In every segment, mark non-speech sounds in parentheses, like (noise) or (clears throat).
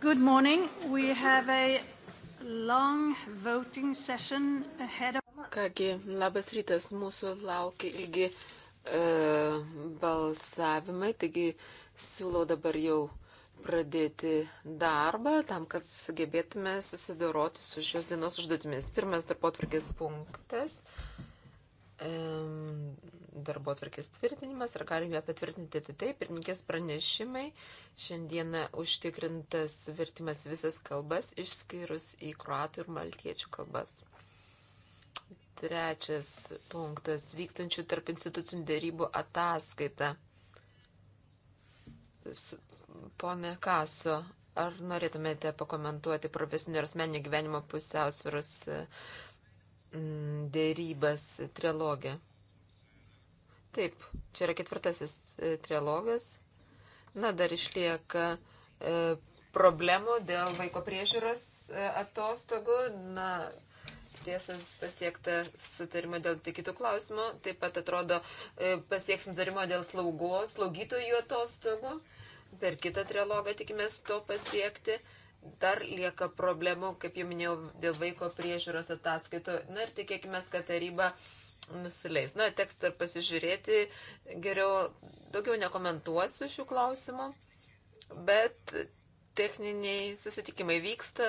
Good morning. We have a long voting session ahead of... Kągi, labas rytas, mūsų laukia ilgi uh, balsavimai, taigi siūlau dabar jau pradėti darbą tam, kad sugebėtume susidoroti su šios dienos užduotimis. Pirmas darbo atvarkės punktas. Um, darbo atvarkės tvirtinimas ir galime ją patvirtinti tai taip, pirmininkės pranešimai. Šiandieną užtikrintas vertimas visas kalbas, išskyrus į kruatų ir maltiečių kalbas. Trečias punktas - vykstančių tarp institucinių dėrybų ataskaita. Pone Kaso, ar norėtumėte pakomentuoti profesinio ir asmeninio gyvenimo pusiausvėros dėrybas trilogė? Taip, čia yra ketvirtasis e, trilogas. Na, dar išlieka e, problemų dėl vaiko priežiūros e, atostogų. Na, tiesą pasiekta sutarimo dėl tai kitų klausimų. Taip pat atrodo, e, pasieksim sutarimo dėl slaugos, slaugytojų atostogų. Per kitą trilogą tikimės to pasiekti. Dar lieka problemų, kaip jau minėjau, dėl vaiko priežiūros ataskaitų. Na ir tikėkime, kad taryba e, nusileis. Na, tekstą pasižiūrėti geriau, daugiau nekomentuosiu šių klausimų, bet techniniai susitikimai vyksta.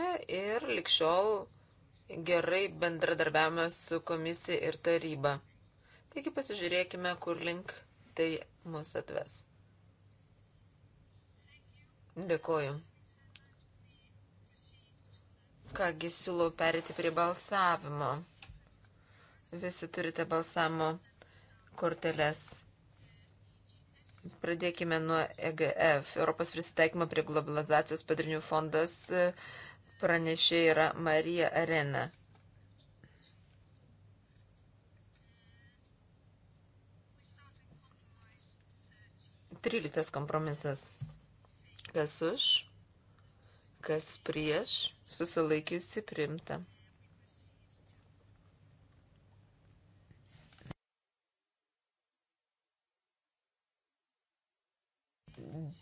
Na ir likščiol gerai bendradarbiavame su komisija ir taryba. Taigi pasižiūrėkime, kur link tai mus atves. Dėkoju. Kągi siūlau perėti prie balsavimo. Visi turite balsavimo korteles. Pradėkime nuo EGF, Europos prisitaikymo prie globalizacijos padarinių fondas. E, pranešė yra Marija Arena. Tryliktas kompromisas. Kas už, kas prieš susilaikiusi primta.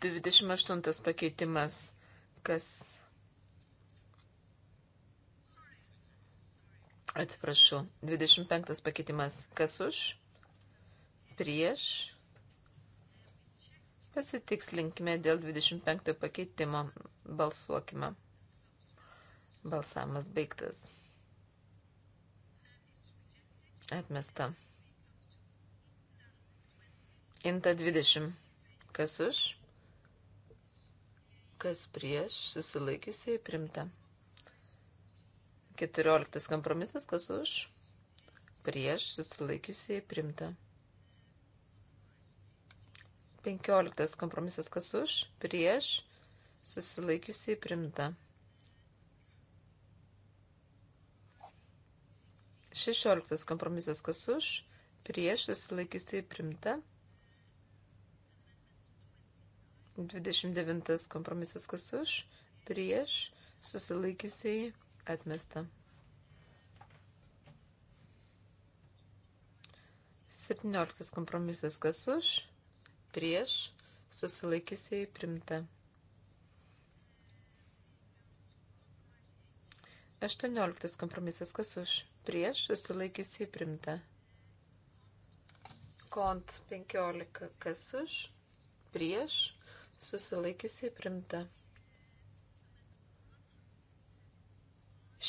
Dvidešimt aštuntas pakeitimas, kas Atsiprašau, 25 pakeitimas. Kas už? Prieš? Pasitikslinkime dėl 25 pakeitimo. Balsuokime. Balsavimas baigtas. Atmesta. Inta 20. Kas už? Kas prieš? Susilaikysiai primta. 14 kompromisas. Kas už? Prieš susilaikysiai primta. 15 kompromisas. Kas už? Prieš susilaikysiai primta. 16 kompromisas kas už, prieš susilaikysiai primta. 29 kompromisas kas už, prieš susilaikysiai atmesta. 17 kompromisas kas už, prieš susilaikysiai primta. 18 kompromisas kas už prieš susilaikiusiai primta. Kont 15 kas už, prieš susilaikiusiai primta.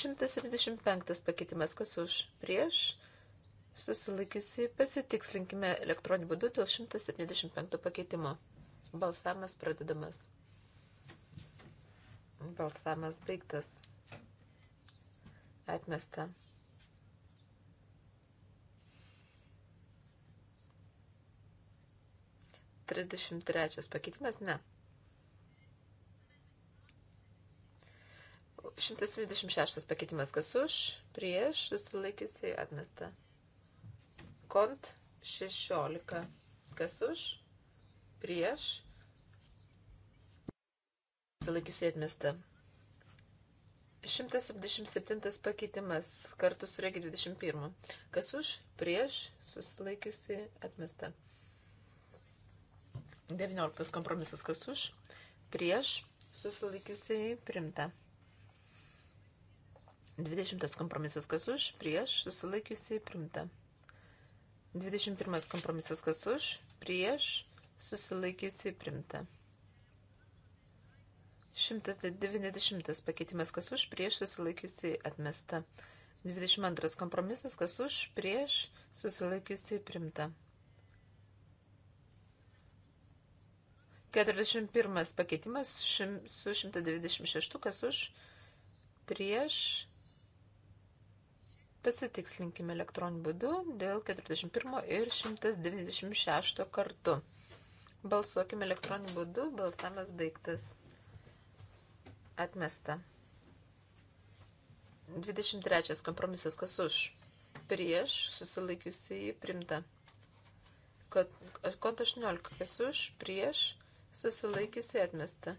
175 pakeitimas kas už, prieš susilaikiusiai pasitikslinkime elektroniniu būdu dėl 175 pakeitimo. Balsamas pradedamas. Balsamas baigtas. Atmesta. 33 pakeitimas ne. 126 pakeitimas kas už, prieš, susilaikiusiai atmesta. Kont 16 kas už, prieš, susilaikiusiai atmesta. 177 pakeitimas kartu su regi 21. Kas už, prieš, susilaikiusi, atmesta. 19 kompromisas kas už, prieš susilaikiusiai primta. 20 kompromisas kas už, prieš susilaikiusiai primta. 21 kompromisas kas už, prieš susilaikiusiai primta. 190 pakeitimas kas už, prieš susilaikiusiai atmesta. 22 kompromisas kas už, prieš susilaikiusiai primta. 41 pakeitimas šim, su 126, kas už, prieš, pasitikslinkime elektroniniu būdu dėl 41 ir 196 kartu. Balsuokime elektroniniu būdu, balsamas baigtas. Atmesta. 23 kompromisas, kas už, prieš, susilaikiusiai primta. Kont 18, kas už, prieš, susilaikiusi atmesta.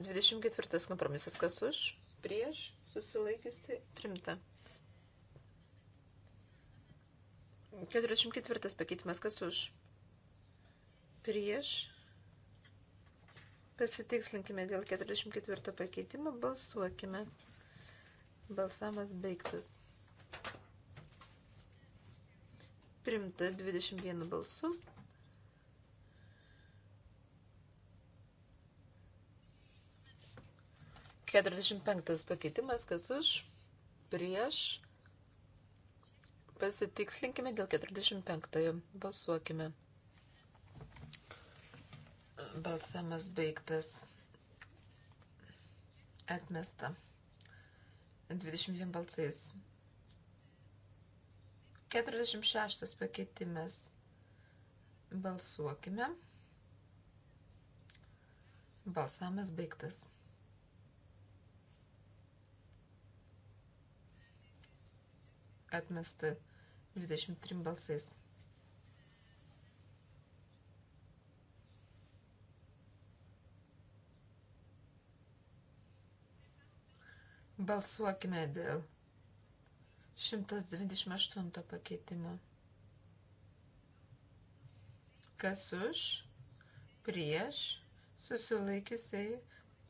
24 kompromisas kas už, prieš, susilaikiusi primta. 44 pakeitimas kas už, prieš, pasitikslinkime dėl 44 pakeitimo, balsuokime. Balsamas baigtas. Primta 21 balsų. 45 pakeitimas, kas už, prieš. Pasitikslinkime dėl 45. Balsuokime. Balsamas baigtas. Atmesta. 22 balsais. 46 pakeitimas. Balsuokime. Balsamas baigtas. atmesta 23 balsais. Balsuokime dėl 198 pakeitimo. Kas už, prieš, susilaikiusiai,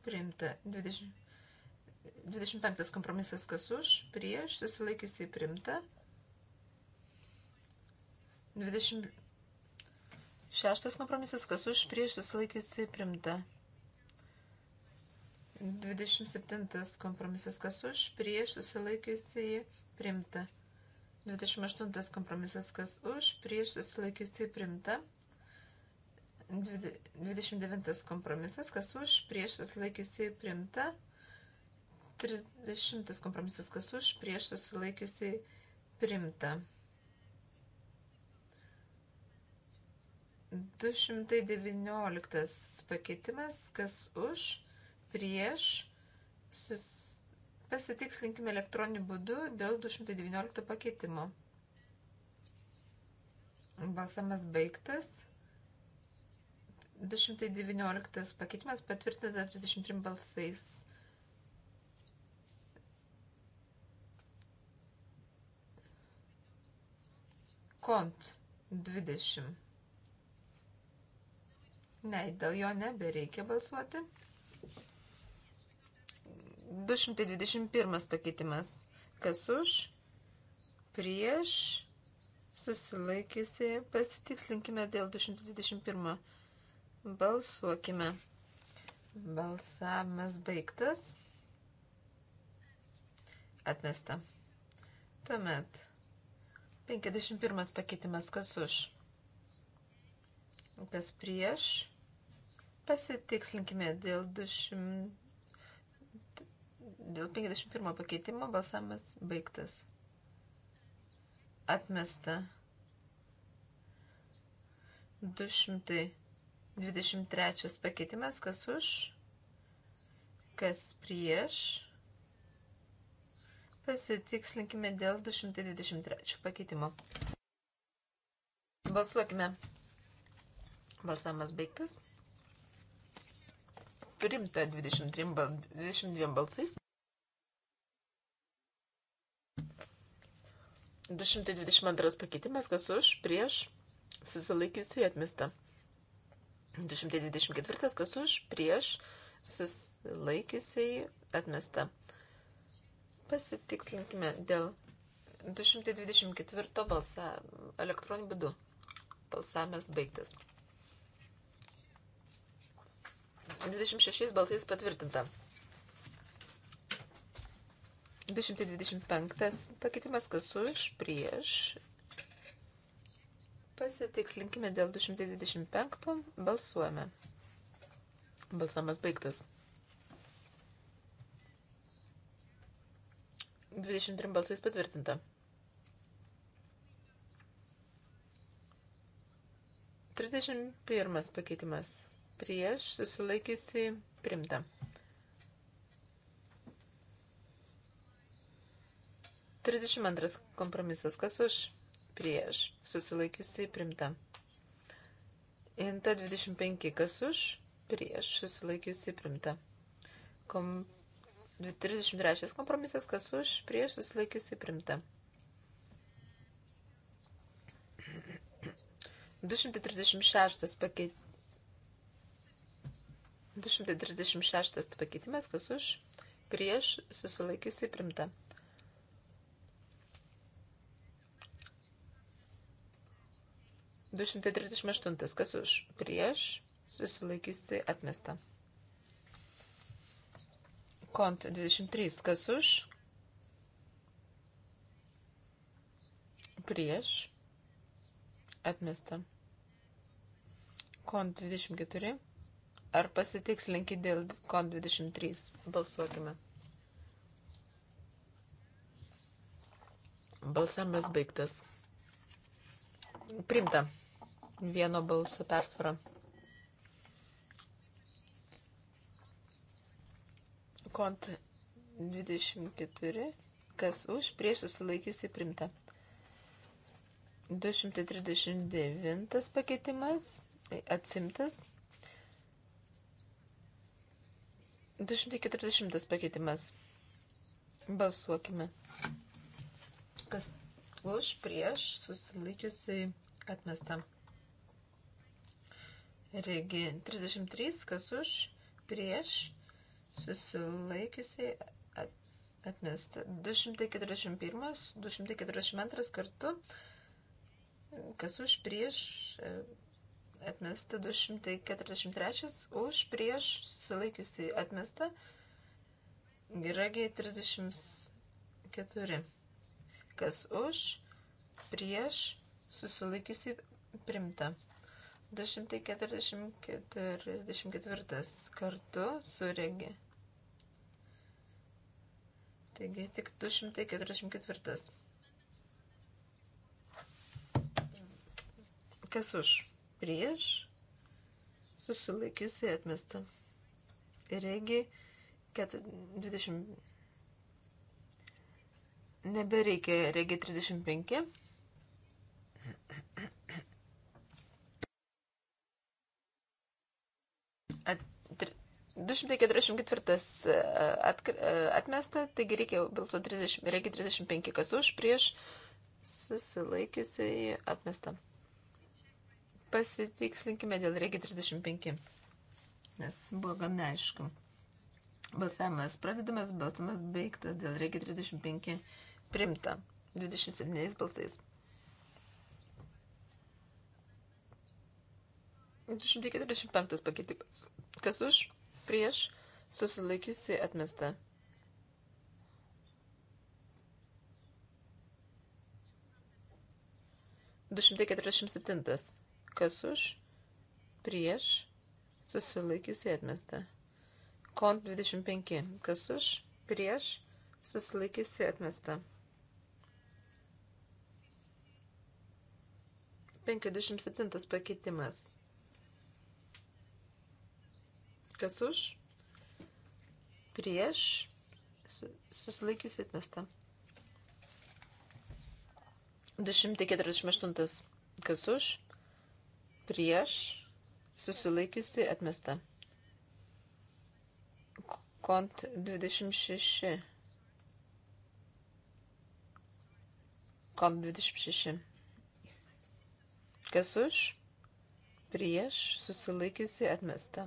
primta 20. 25 kompromisas kas už, prieš, susilaikiusiai primta. 26 kompromisas kas už, prieš, susilaikiusiai primta. 27 kompromisas kas už, prieš, susilaikiusiai primta. 28 kompromisas kas už, prieš, susilaikiusiai primta. 29 kompromisas kas už, prieš, susilaikiusiai primta. 30 kompromisas kas už, prieš susilaikiusiai primta. 219 pakeitimas kas už, prieš sus... pasitikslinkime elektroniniu būdu dėl 219 pakeitimo. Balsamas baigtas. 219 pakeitimas patvirtintas 23 balsais kont 20. Ne, dėl jo nebereikia balsuoti. 221 pakeitimas. Kas už? Prieš susilaikiusi. Pasitikslinkime dėl 221. Balsuokime. Balsavimas baigtas. Atmesta. Tuomet 51 pakeitimas kas už, kas prieš. Pasitikslinkime dėl 200. Dėl 51 pakeitimo balsavimas baigtas. Atmesta. 223 pakeitimas kas už, kas prieš Pasitikslinkime dėl 223 pakeitimo. Balsuokime. Balsamas baigtas. Primta 23, 22 balsais. 222 pakeitimas, kas už, prieš, susilaikiusi atmesta. 224, kas už, prieš, susilaikiusiai atmesta. Pasitikslinkime dėl 224 balsą elektroniniu būdu. Balsavimas baigtas. 26 balsais patvirtinta. 225 pakeitimas kas už, prieš. Pasitikslinkime dėl 225 balsuojame. Balsavimas baigtas. 23 balsais patvirtinta. Trisdešimt pirmas pakeitimas. Prieš susilaikiusi primta. Trisdešimt antras kompromisas. Kas už? Prieš susilaikiusi primta. Inta 25. Kas už? Prieš susilaikiusi primta. Kompromisas 33 kompromisas, kas už, prieš susilaikiusi primta. 236 pakeitimas. 236 pakeitimas, kas už, prieš susilaikiusi primta. Du šimtai trisdešimt aštuntas, kas už, prieš, susilaikiusi atmesta. Kont 23. Kas už? Prieš. Atmesta. Kont 24. Ar pasitikslinkit dėl Kont 23? Balsuokime. Balsamas baigtas. Primta. Vieno balsų persvara. Kont 24, kas už, prieš susilaikiusi primta. 239 pakeitimas tai atsimtas. 240 pakeitimas. Balsuokime. Kas už prieš susilaikiusiai atmesta. Regi 33, kas už prieš susilaikiusiai atmesta. 241, 242 kartu, kas už prieš e, atmesta, 243 už prieš susilaikiusiai atmesta, geragiai 34, kas už prieš susilaikiusiai primta. 244 kartu su regi Taigi tik 244. Kas už? Prieš susilaikiusi atmesta. Ir regi 20. Nebereikia regi 35. 244 e, e, atmesta, taigi reikia balsuoti 30, reikia 35 kas už, prieš susilaikiusiai atmesta. Pasitikslinkime dėl reikia 35, nes buvo gan neaišku. Balsavimas pradedamas, balsavimas baigtas, dėl reikia 35 primta 27 balsais. 245 pakeitimas. Kas už? prieš susilaikiusi atmesta. Du šimtai keturiasdešimt septintas. Kas už? Prieš susilaikiusi atmesta. Kont 25. Kas už? Prieš susilaikiusi atmesta. 57 pakeitimas. Kas už? Prieš susilaikys atmesta. 248. Kas už? Prieš susilaikiusi atmesta. Kont 26. Kont 26. Kas už? Prieš susilaikiusi atmesta.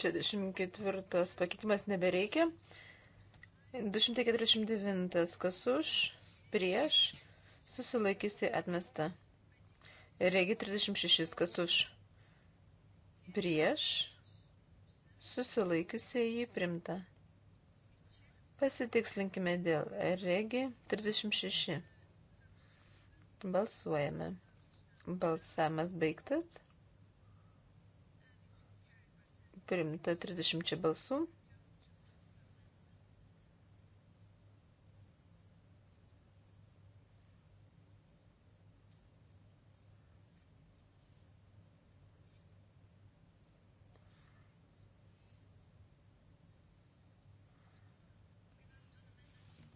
64 pakeitimas nebereikia. 249 kas už, prieš, susilaikysi atmesta. Regi 36 kas už, prieš, susilaikysi jį primta. Pasitikslinkime dėl regi 36. Balsuojame. Balsavimas baigtas. Primta 30 balsų.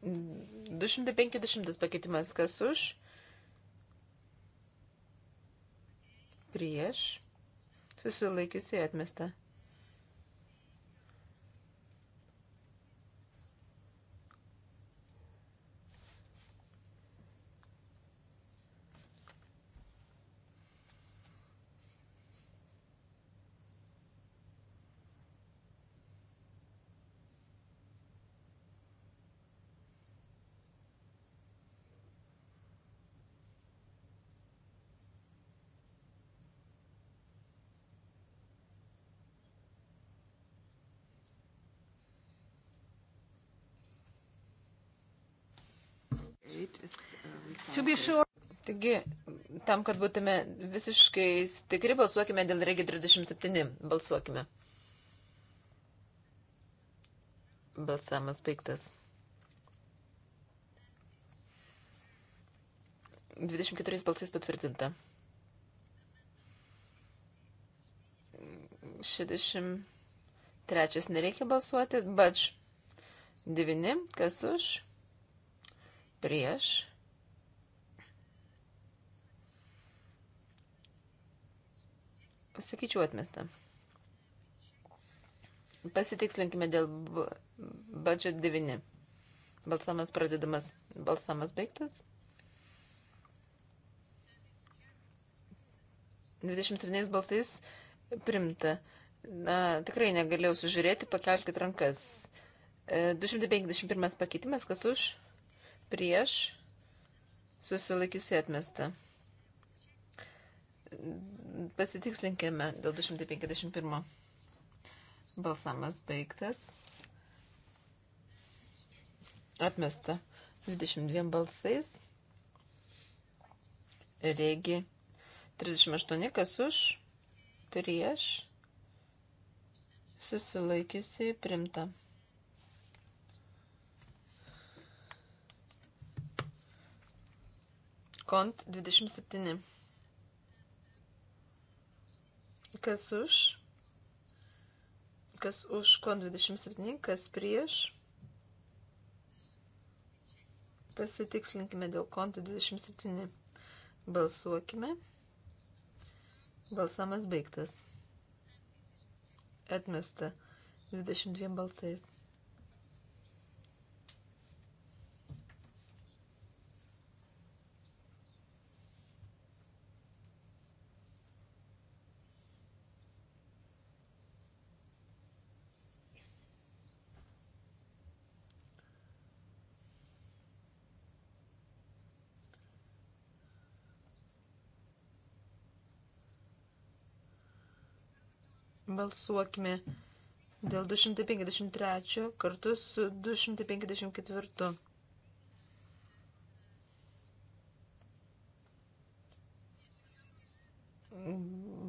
Du šimtai penkidešimtas pakeitimas kas už? prieš susilaikiusiai atmesta. sure... Taigi, tam, kad būtume visiškai tikri, balsuokime dėl regi 37. Balsuokime. Balsamas baigtas. 24 balsais patvirtinta. 63 nereikia balsuoti, bač 9, kas už, prieš, Sakyčiau atmesta. Pasitikslinkime dėl budžet 9. Balsamas pradedamas. Balsamas baigtas. 27 balsais primta. Na, tikrai negalėjau sužiūrėti, pakelkite rankas. 251 e, pakeitimas, kas už, prieš, susilaikiusi atmesta. Pasitikslinkime dėl 251. Balsamas baigtas. Atmesta 22 balsais. Regi 38, kas už, prieš, susilaikysiai primta. Kont 27. Kas už? Kas už kon 27, kas prieš? Pasitikslinkime dėl konto 27. Balsuokime. Balsamas baigtas. Atmesta 22 balsais. Balsuokime dėl 253 kartu su 254.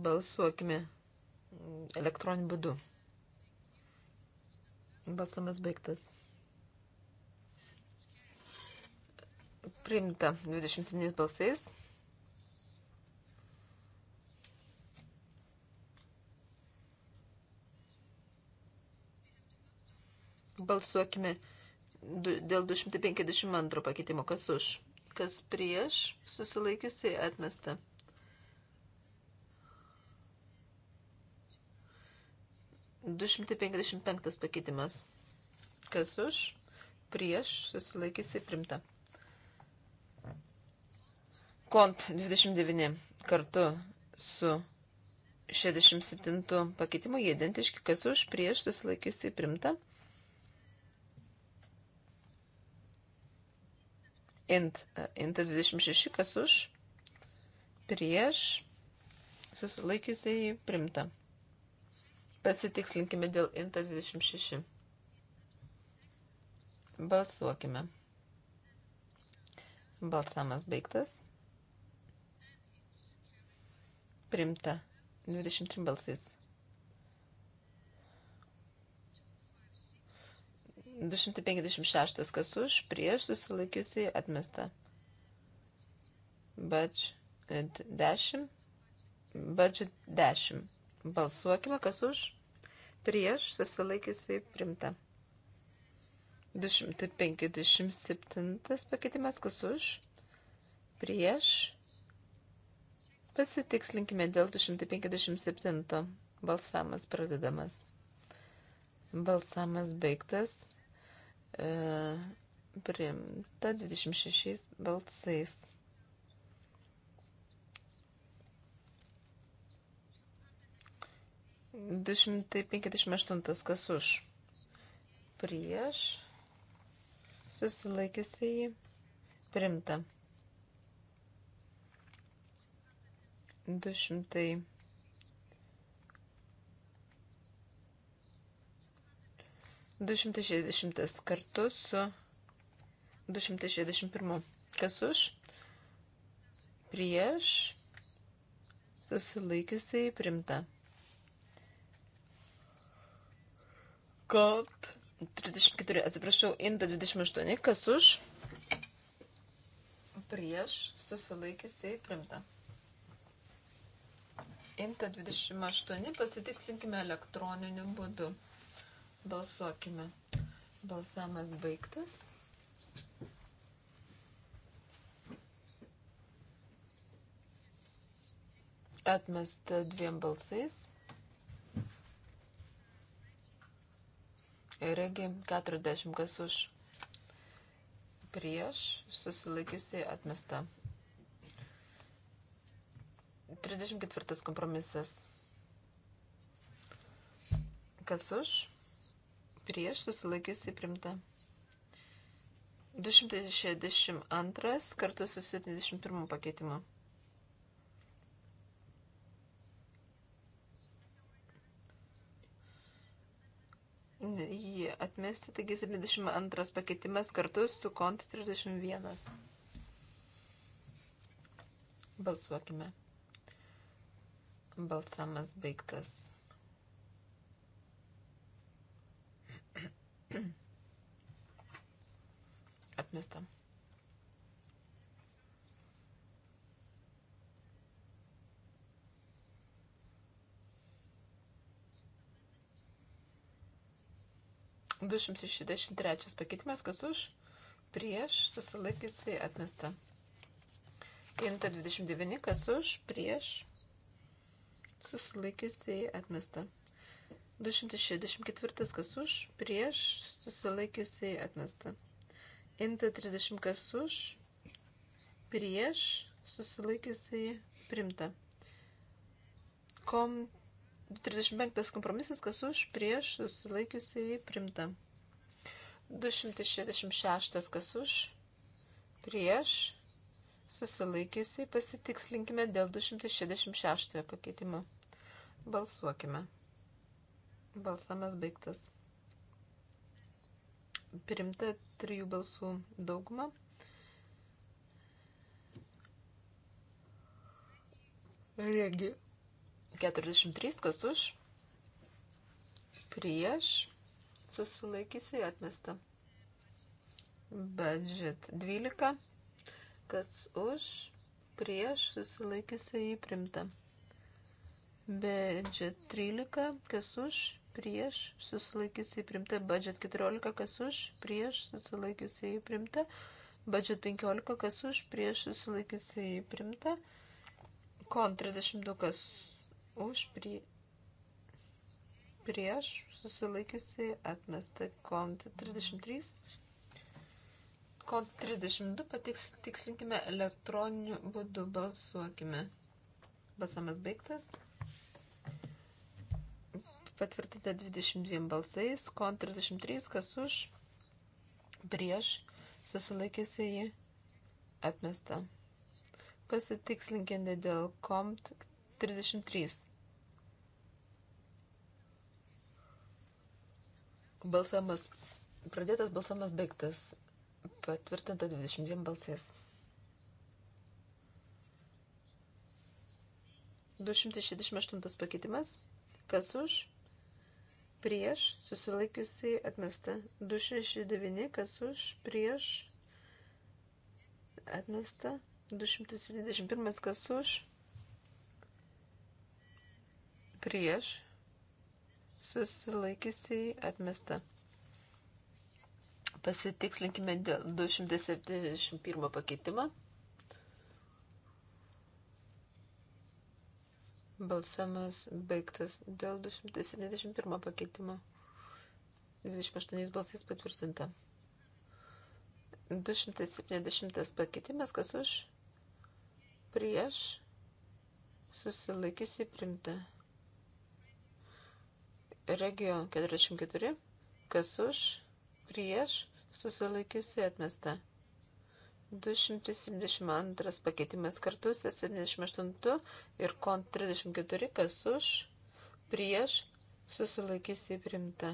Balsuokime elektroniniu būdu. Balsamas baigtas. Priimta 27 balsais. Balsuokime dėl 252 pakeitimo. Kas už? Kas prieš? Susilaikiusiai atmesta. Du šimtai penkiasdešimt penktas pakeitimas. Kas už? Prieš susilaikysiai primta. Kont 29 kartu su 67 pakeitimu jie identiški, kas už prieš susilaikysiai primta. int, int 26, kas už, prieš, susilaikiusiai primta. Pasitikslinkime dėl int 26. Balsuokime. Balsamas baigtas. Primta. 23 balsais. 256 kas už, prieš susilaikiusiai atmesta. Bač 10. Bač 10. Balsuokime, kas už, prieš susilaikiusiai primta. 257 pakeitimas, kas už, prieš. Pasitikslinkime dėl 257 balsamas pradedamas. Balsamas baigtas. E, primta 26 balsais. Du šimtai penkiasdešimt aštuntas kas už prieš susilaikiusiai primta. Du šimtai 200... 260 kartu su 261. Kas už? Prieš susilaikiusiai primta. Kalt. 34, atsiprašau, inta 28. Kas už? Prieš susilaikiusiai primta. Inta 28 pasitikslinkime elektroniniu būdu. Balsuokime. Balsamas baigtas. Atmesta dviem balsais. Irgi 40 kas už prieš susilaikiusi atmesta. 34 kompromisas. Kas už? prieš susilaikiusi primta. 262 kartu su 71 pakeitimu. Jį atmesti, taigi 72 pakeitimas kartu su kont 31. Balsuokime. Balsamas baigtas. (clears throat) Atmestam. Du šimtai šešiasdešimt trečias pakeitimas, kas už, prieš, susilaikysiai atmesta. Kinta 29, kas už, prieš, susilaikiusiai atmesta. 264 kas už, prieš, susilaikiusiai atmesta. Inta 30 kas už, prieš, susilaikiusiai primta. Kom 35 kompromisas kas už, prieš, susilaikiusiai primta. 266 kas už, prieš, susilaikiusiai pasitikslinkime dėl 266 pakeitimo. Balsuokime. Balsamas baigtas. Primta trijų balsų dauguma. Regi. 43, kas už, prieš, susilaikysiu atmestą. Budget 12, kas už, prieš, susilaikysiu įprimtą. Budget 13, kas už, prieš susilaikiusiai primta, budžet 14, kas už, prieš susilaikiusiai primta, budžet 15, kas už, prieš susilaikiusiai primta, kon 32, kas už, prie, prieš susilaikiusiai atmesta, kon 33. Kod 32 patikslinkime elektroniniu būdu, balsuokime. Basamas baigtas patvirtinta 22 balsais, kon 33, kas už, prieš, susilaikiusi jį, atmesta. Pasitikslinkime dėl kont 33. Balsamas, pradėtas balsamas baigtas, patvirtinta 22 balsais. 268 pakeitimas. Kas už? prieš, susilaikiusiai atmesta. 269, kas už, prieš, atmesta. 271, kas už, prieš, susilaikiusiai atmesta. Pasitikslinkime dėl 271 pakeitimą. Balsamas baigtas dėl 271 pakeitimo. 28 balsais patvirtinta. 270 pakeitimas, kas už prieš susilaikiusi primta. Regio 44, kas už prieš susilaikiusi atmesta. 272 pakeitimas kartu, 78 ir kont 34, kas už, prieš, susilaikysi primta.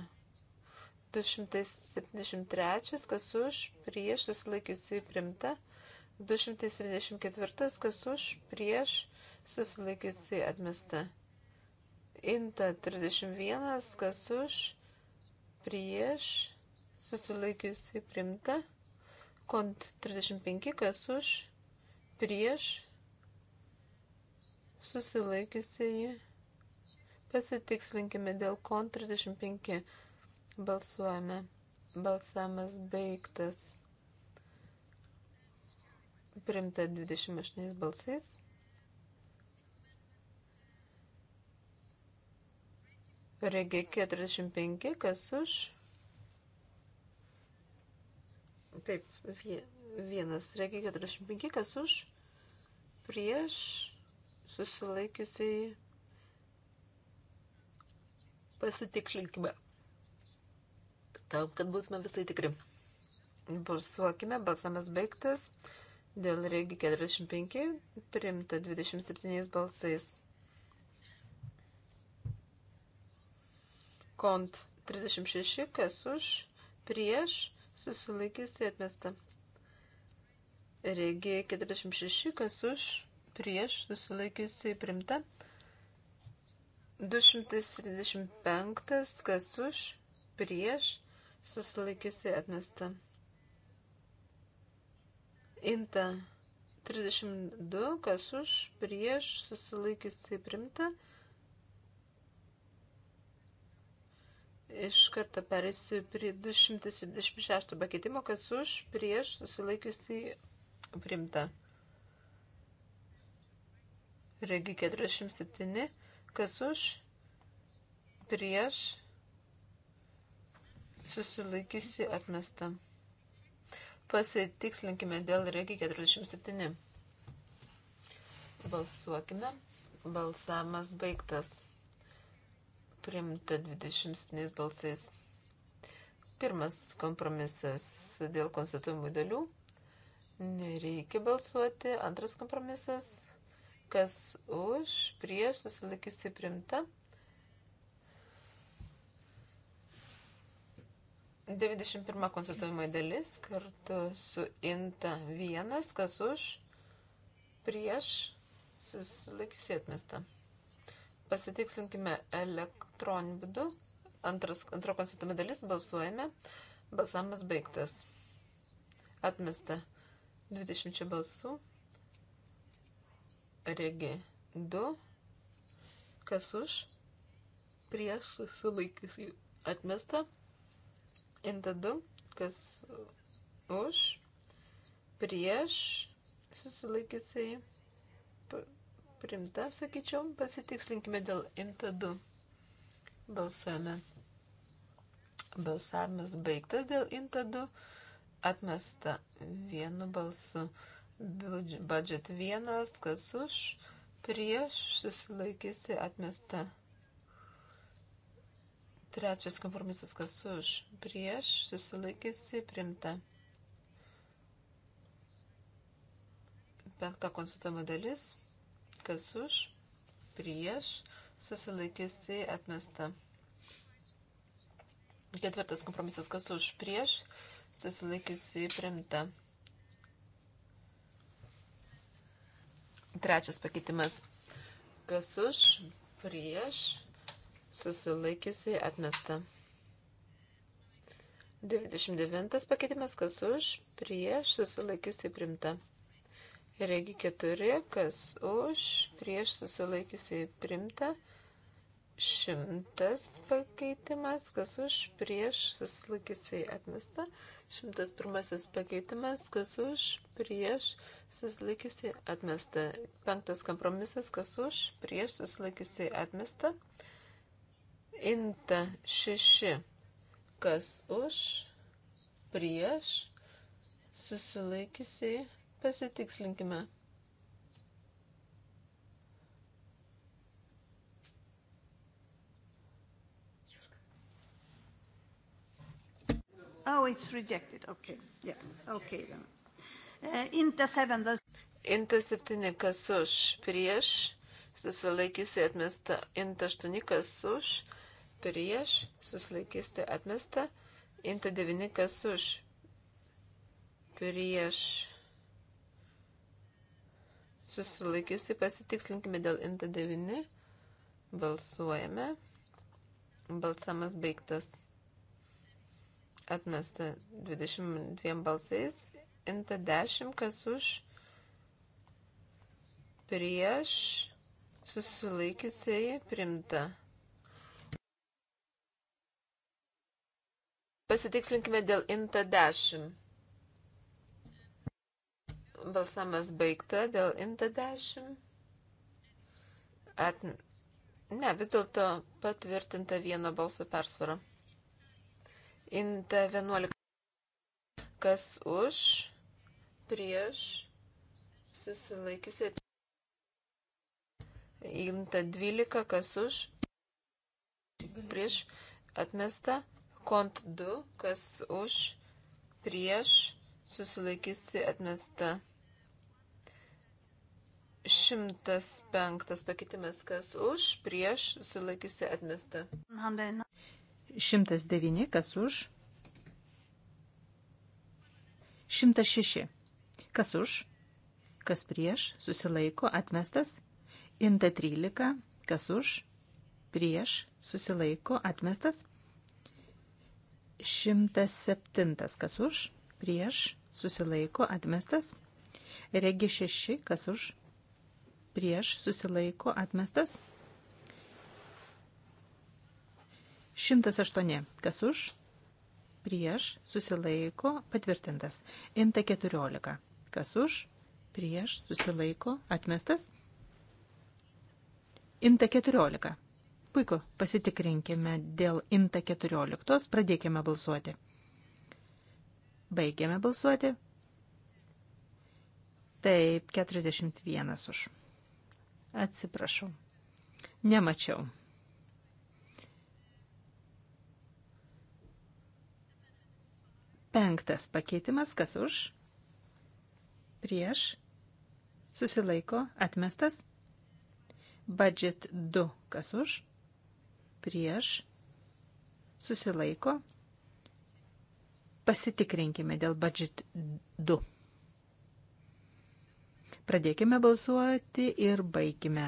273, kas už, prieš, susilaikysi primta. 274, kas už, prieš, susilaikysi atmesta. Inta 31, kas už, prieš, susilaikysi primta. Kont 35, kas už, prieš, susilaikiusieji. Pasitikslinkime dėl kont 35. Balsuojame. Balsamas baigtas. Primta 28 balsais. Regė 45, kas už Taip, vienas. Reikia 45, kas už, prieš, susilaikiusiai. Pasitikslinkime. Tam, kad būtume visai tikri. Balsuokime, balsamas baigtas. Dėl regi 45 primta 27 balsais. Kont 36, kas už, prieš, susilaikiusi atmesta. Regija 46, kas už, prieš, susilaikiusi primta. 275, kas už, prieš, susilaikiusi atmesta. Inta 32, kas už, prieš, susilaikiusi primta. 275. Iš karto perėsiu prie 276 pakeitimo, kas už, prieš, susilaikiusi primta. Regi 47, kas už, prieš, susilaikiusi atmesta. Pasitikslinkime dėl regi 47. Balsuokime. Balsamas baigtas. Primta 27 balsais. Pirmas kompromisas dėl konstatuojamų dalių. Nereikia balsuoti. Antras kompromisas. Kas už, prieš, susilaikysi primta. 91 konstatuojama dalis kartu su inta 1, kas už, prieš, susilaikysi atmesta pasitikslinkime elektroniniu būdu. Antras, antro konsultumo dalis balsuojame. Balsamas baigtas. Atmesta 20 balsų. Regi 2. Kas už? Prieš sulaikys jų. Atmesta. Inta 2. Kas už? Prieš susilaikysiai Primta, sakyčiau, pasitikslinkime dėl imta 2. Balsuojame. Balsavimas baigtas dėl imta 2. Atmesta vienu balsu. Budget 1, kas už, prieš, susilaikysi, atmesta. Trečias kompromisas, kas už, prieš, susilaikysi, primta. Penkta konsultama dalis kas už, prieš, susilaikiusi atmesta. Ketvirtas kompromisas, kas už, prieš, susilaikiusi primta. Trečias pakeitimas, kas už, prieš, susilaikiusi atmesta. 29 pakeitimas, kas už, prieš, susilaikiusi primta. Regi 4, kas už, prieš susilaikiusiai primta. Šimtas pakeitimas, kas už, prieš susilaikiusiai atmesta. Šimtas pirmasis pakeitimas, kas už, prieš susilaikiusiai atmesta. Penktas kompromisas, kas už, prieš susilaikiusiai atmesta. Inta šeši, kas už, prieš susilaikiusiai atmesta Pasitikslinkime. Oh, it's rejected. Okay. Yeah. Okay then. Uh, Inta 7. Does... Inta 7 kas už prieš susilaikysi atmesta. Inta 8 kas už prieš susilaikysi atmesta. Inta 9 kas už prieš susilaikiusi, pasitikslinkime dėl INTA 9. Balsuojame. Balsamas baigtas. Atmesta 22 balsais. INTA 10, kas už prieš susilaikiusiai primta. Pasitikslinkime dėl INTA 10. Balsamas baigta dėl INTA 10. At... Ne, vis dėlto patvirtinta vieno balso persvara. INTA 11. Kas už, prieš, susilaikysi. INTA 12. Kas už, prieš, atmesta. Kont 2. Kas už, prieš, susilaikysi, atmesta. 105 pakitimas, kas už, prieš, sulaikysi atmesta. 109, kas už. 106, kas už, kas prieš, susilaiko, atmestas. Inta 13, kas už, prieš, susilaiko, atmestas. 107, kas už, prieš, susilaiko, atmestas. Regi 6, kas už, prieš susilaiko atmestas. 108. Kas už? Prieš susilaiko patvirtintas. Inta 14. Kas už? Prieš susilaiko atmestas. Inta 14. Puiku, pasitikrinkime dėl Inta 14. Pradėkime balsuoti. Baigėme balsuoti. Taip, 41 už. Atsiprašau. Nemačiau. Penktas pakeitimas, kas už? Prieš. Susilaiko, atmestas. Budget 2, kas už? Prieš. Susilaiko. Pasitikrinkime dėl budget 2. Pradėkime balsuoti ir baigime.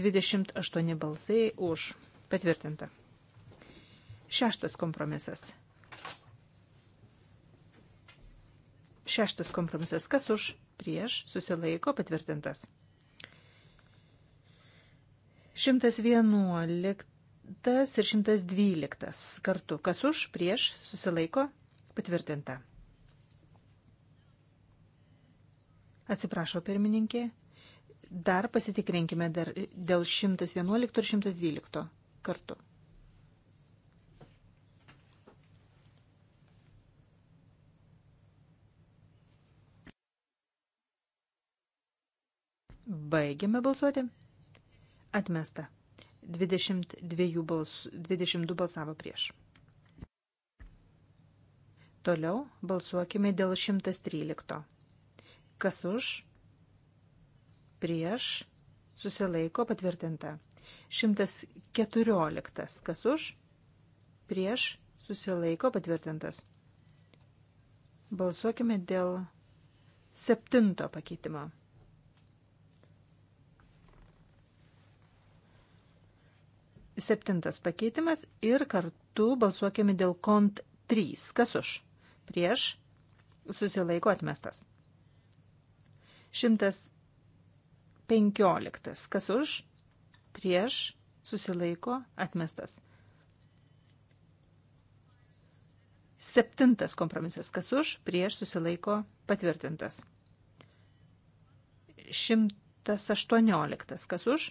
28 balsai už. Patvirtinta. Šeštas kompromisas. Šeštas kompromisas. Kas už? Prieš. Susilaiko. Patvirtintas. 111 ir 112 kartu. Kas už? Prieš. Susilaiko. Patvirtinta. Atsiprašo pirmininkė. Dar pasitikrinkime dar dėl 111 ir 112 kartu. Baigiame balsuoti. Atmesta. 22, bals, 22 balsavo prieš. Toliau balsuokime dėl 113. Kas už? Prieš. Susilaiko patvirtinta. 114. Kas už? Prieš. Susilaiko patvirtintas. Balsuokime dėl septinto pakeitimo. Septintas pakeitimas ir kartu balsuokime dėl kont 3. Kas už? Prieš susilaiko atmestas. 115. Kas už? Prieš susilaiko atmestas. Septintas kompromisas. Kas už? Prieš susilaiko patvirtintas. 118. Kas už?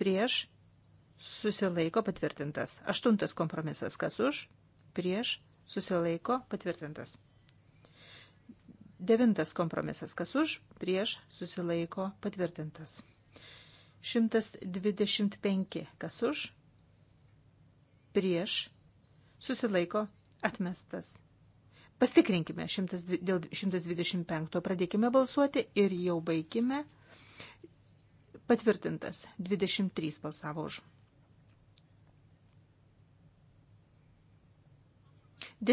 Prieš susilaiko patvirtintas. Aštuntas kompromisas. Kas už? Prieš susilaiko patvirtintas. Devintas kompromisas. Kas už, prieš, susilaiko, patvirtintas. 125. Kas už, prieš, susilaiko, atmestas. Pastikrinkime 100, dėl 125. Pradėkime balsuoti ir jau baigime. Patvirtintas. 23 balsavo už.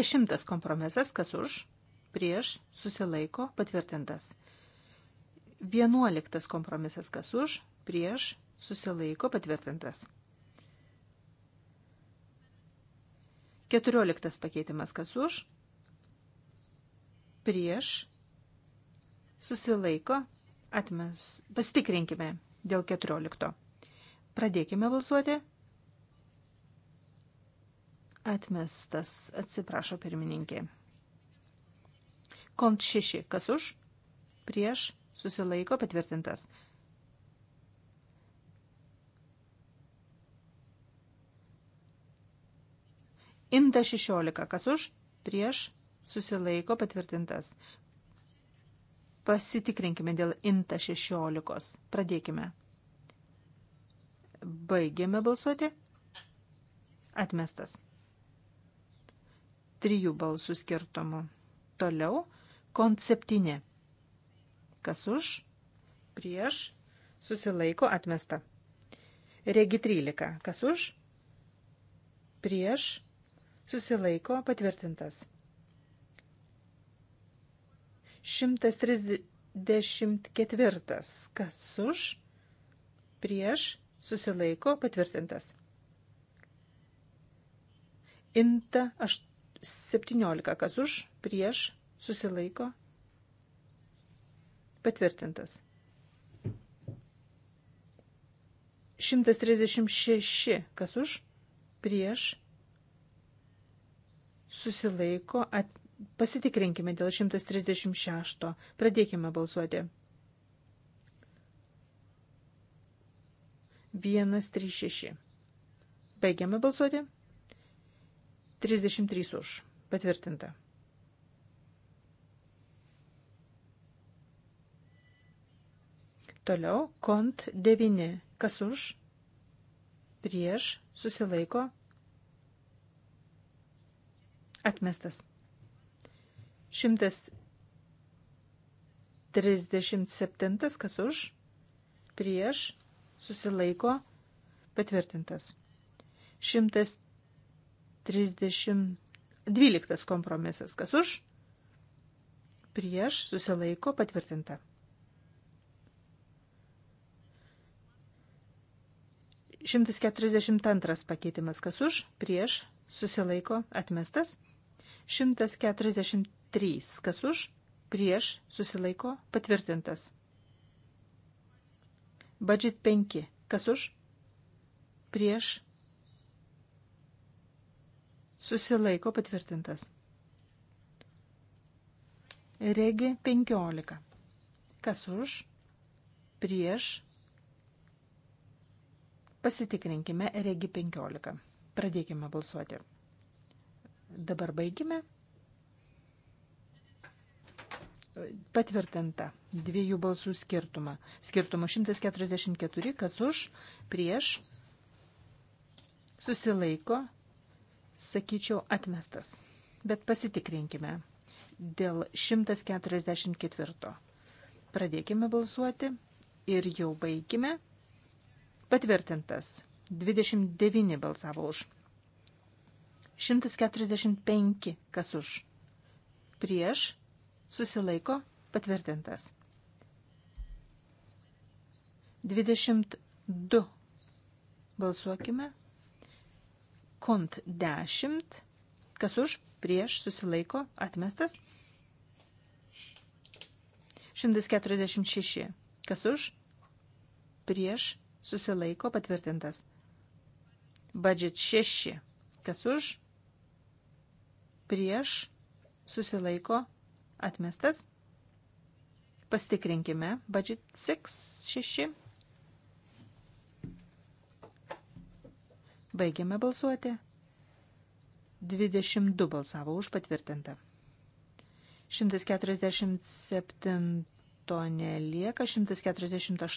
Dešimtas kompromisas. Kas už? prieš, susilaiko, patvirtintas. Vienuoliktas kompromisas kas už, prieš, susilaiko, patvirtintas. Keturioliktas pakeitimas kas už, prieš, susilaiko, atmes. Pasitikrinkime dėl keturiolikto. Pradėkime balsuoti. Atmestas, atsiprašo pirmininkė. Kont 6. Kas už? Prieš susilaiko patvirtintas. Inta 16. Kas už? Prieš susilaiko patvirtintas. Pasitikrinkime dėl Inta 16. Pradėkime. Baigėme balsuoti. Atmestas. Trijų balsų skirtumų. Toliau Kont 7. Kas už? Prieš. Susilaiko atmesta. Regi 13. Kas už? Prieš. Susilaiko patvirtintas. 134. Kas už? Prieš. Susilaiko patvirtintas. Inta 17. Kas už? Prieš susilaiko, patvirtintas. 136, kas už, prieš, susilaiko, at, pasitikrinkime dėl 136, pradėkime balsuoti. 136. Baigiame balsuoti. 33 už. Patvirtinta. Toliau kont 9. Kas už? Prieš susilaiko. Atmestas. 137. Kas už? Prieš susilaiko. Patvirtintas. 130. 12 kompromisas. Kas už? Prieš susilaiko patvirtinta. 142 pakeitimas kas už, prieš, susilaiko, atmestas. 143 kas už, prieš, susilaiko, patvirtintas. Budget 5 kas už, prieš, susilaiko, patvirtintas. Regi 15 kas už, prieš, Pasitikrinkime Regi 15. Pradėkime balsuoti. Dabar baigime. Patvirtinta dviejų balsų skirtumą. Skirtumo 144, kas už, prieš, susilaiko, sakyčiau, atmestas. Bet pasitikrinkime dėl 144. Pradėkime balsuoti ir jau baigime. Patvirtintas. 29 balsavo už. 145 kas už. Prieš. Susilaiko. Patvirtintas. 22. Balsuokime. Kont 10. Kas už, prieš, susilaiko, atmestas. 146. Kas už, prieš, susilaiko patvirtintas. Budget 6. Kas už? Prieš susilaiko atmestas. Pastikrinkime. Budget 6. 6. Baigiame balsuoti. 22 balsavo už patvirtintą. 147 to nelieka. 148 ir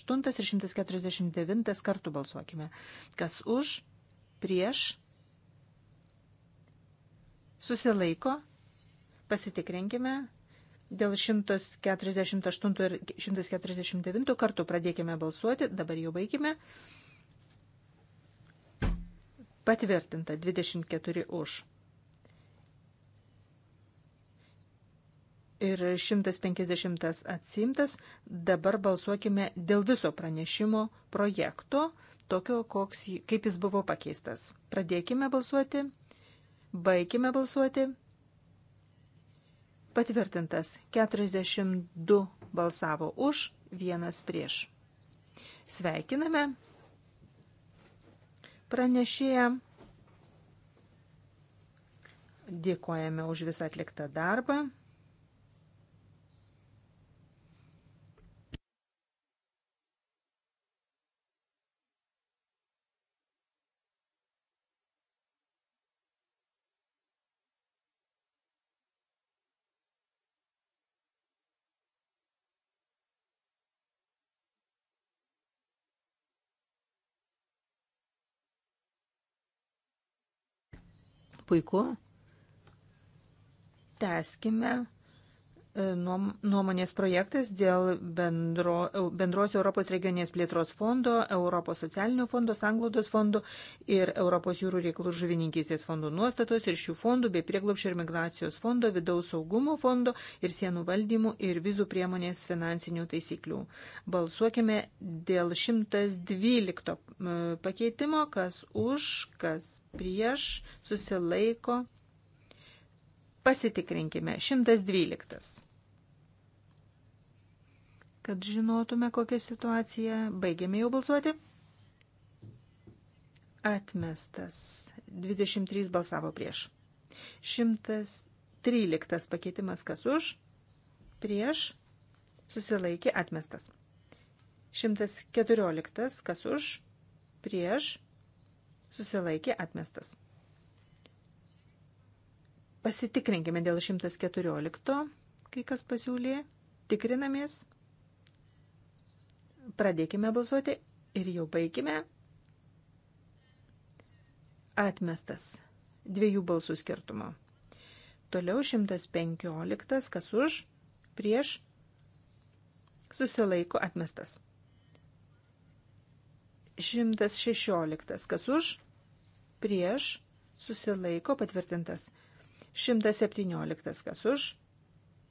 149 kartų balsuokime. Kas už, prieš, susilaiko, pasitikrinkime. Dėl 148 ir 149 kartų pradėkime balsuoti, dabar jau baigime. Patvirtinta 24 už. ir 150 atsimtas. Dabar balsuokime dėl viso pranešimo projekto, tokio, koks, kaip jis buvo pakeistas. Pradėkime balsuoti, baigime balsuoti. Patvirtintas 42 balsavo už, vienas prieš. Sveikiname pranešėją. Dėkojame už visą atliktą darbą. Puiku. Teskime e, nuomonės projektas dėl bendro, bendros Europos regioninės plėtros fondo, Europos socialinio fondo, sanglaudos fondo ir Europos jūrų reiklų žuvininkystės fondo nuostatos ir šių fondų bei prieglopšio ir migracijos fondo, vidaus saugumo fondo ir sienų valdymų ir vizų priemonės finansinių taisyklių. Balsuokime dėl 112 pakeitimo, kas už, kas prieš, susilaiko. Pasitikrinkime. 112. Kad žinotume, kokią situaciją baigėme jau balsuoti. Atmestas. 23 balsavo prieš. 113 pakeitimas kas už, prieš, susilaikė atmestas. 114 kas už, prieš, susilaikė atmestas. Pasitikrinkime dėl 114, kai kas pasiūlė. Tikrinamės. Pradėkime balsuoti ir jau baigime. Atmestas. Dviejų balsų skirtumo. Toliau 115, kas už, prieš, susilaiko atmestas. 116. Kas už? Prieš. Susilaiko patvirtintas. 117. Kas už?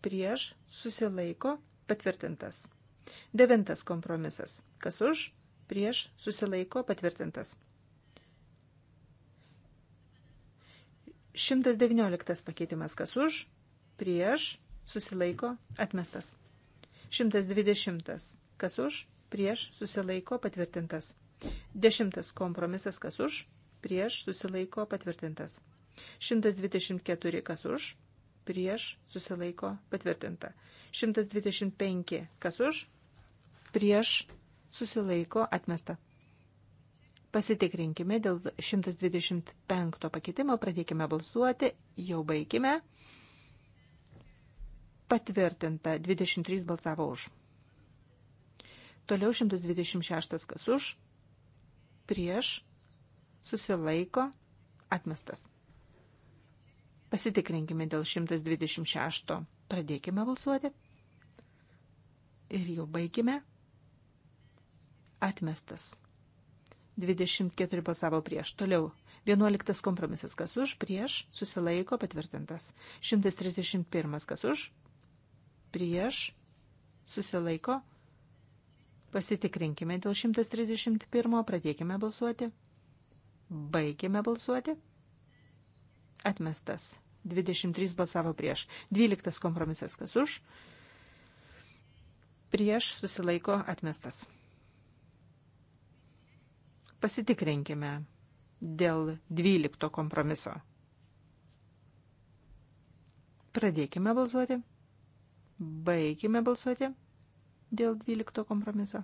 Prieš. Susilaiko patvirtintas. 9. Kompromisas. Kas už? Prieš. Susilaiko patvirtintas. 119 pakeitimas kas už, prieš, susilaiko, atmestas. 120 kas už, prieš, susilaiko, patvirtintas. Dešimtas kompromisas kas už, prieš susilaiko patvirtintas. 124 kas už, prieš susilaiko patvirtinta. 125 kas už, prieš susilaiko atmesta. Pasitikrinkime dėl 125 pakeitimo, pradėkime balsuoti, jau baigime. Patvirtinta, 23 balsavo už. Toliau 126 kas už, prieš, susilaiko, atmestas. Pasitikrinkime dėl 126. Pradėkime balsuoti. Ir jau baigime. Atmestas. 24 balsavo prieš. Toliau. 11 kompromisas kas už, prieš, susilaiko, patvirtintas. 131 kas už, prieš, susilaiko, Pasitikrinkime dėl 131, pradėkime balsuoti. Baigėme balsuoti. Atmestas. 23 balsavo prieš. 12 kompromisas kas už. Prieš susilaiko atmestas. Pasitikrinkime dėl 12 kompromiso. Pradėkime balsuoti. Baigime balsuoti dėl 12 kompromiso?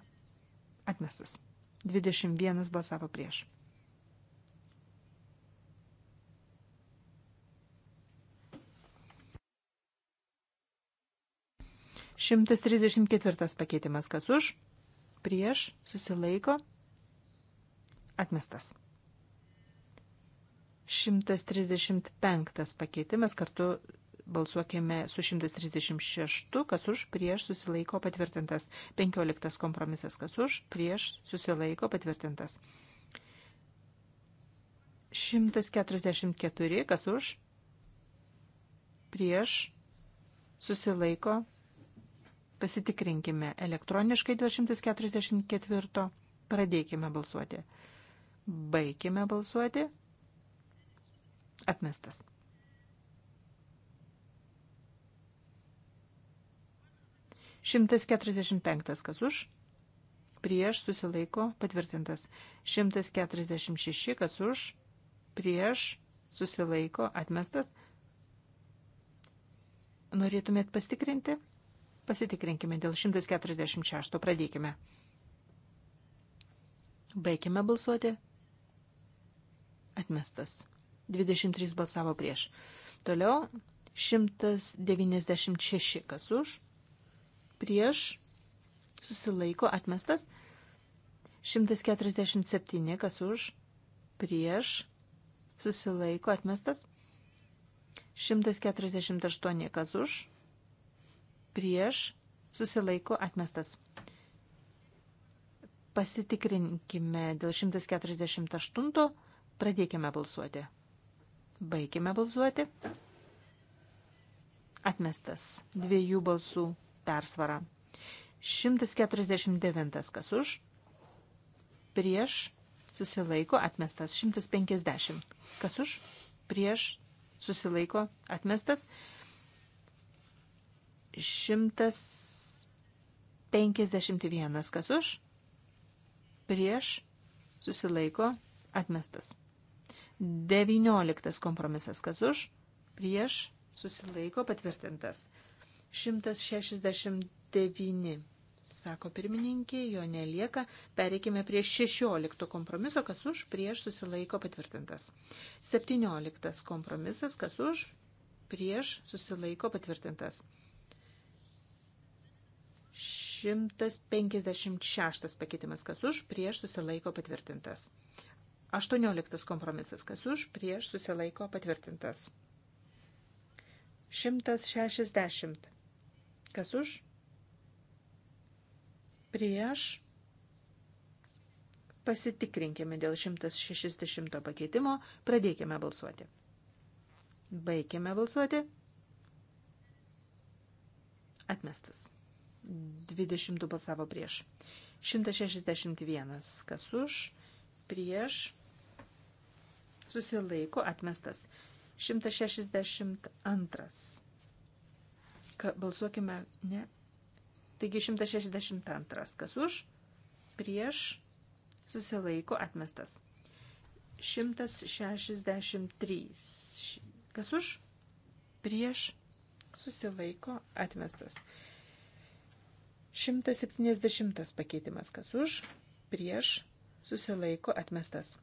Atmestas. 21 balsavo prieš. Šimtas trisdešimt ketvirtas pakeitimas kas už, prieš, susilaiko, atmestas. 135 pakeitimas kartu Balsuokime su 136, kas už, prieš, susilaiko patvirtintas. 15 kompromisas, kas už, prieš, susilaiko patvirtintas. 144, kas už, prieš, susilaiko. Pasitikrinkime elektroniškai dėl 144. Pradėkime balsuoti. Baikime balsuoti. Atmestas. 145 kas už, prieš susilaiko patvirtintas. 146 kas už, prieš susilaiko atmestas. Norėtumėt pasitikrinti? Pasitikrinkime dėl 146. Pradėkime. Baikime balsuoti. Atmestas. 23 balsavo prieš. Toliau 196 kas už, prieš susilaiko atmestas. 147 kas už prieš susilaiko atmestas. 148 kas už prieš susilaiko atmestas. Pasitikrinkime dėl 148. Pradėkime balsuoti. Baigime balsuoti. Atmestas dviejų balsų persvarą. 149 kas už, prieš susilaiko atmestas. 150 kas už, prieš susilaiko atmestas. 151 kas už, prieš susilaiko atmestas. 19 kompromisas kas už, prieš susilaiko patvirtintas. 169, sako pirmininkė, jo nelieka. Pereikime prie 16 kompromiso, kas už, prieš susilaiko patvirtintas. 17 kompromisas, kas už, prieš susilaiko patvirtintas. 156 pakeitimas, kas už, prieš susilaiko patvirtintas. 18 kompromisas, kas už, prieš susilaiko patvirtintas. 160 Kas už? Prieš. Pasitikrinkime dėl 160 pakeitimo. Pradėkime balsuoti. Baikime balsuoti. Atmestas. 20 balsavo prieš. 161. Kas už? Prieš. Susilaiko. Atmestas. 162. Ka, balsuokime, ne. Taigi 162. Kas už, prieš, susilaiko, atmestas. 163. Kas už, prieš, susilaiko, atmestas. 170 pakeitimas, kas už, prieš, susilaiko, atmestas.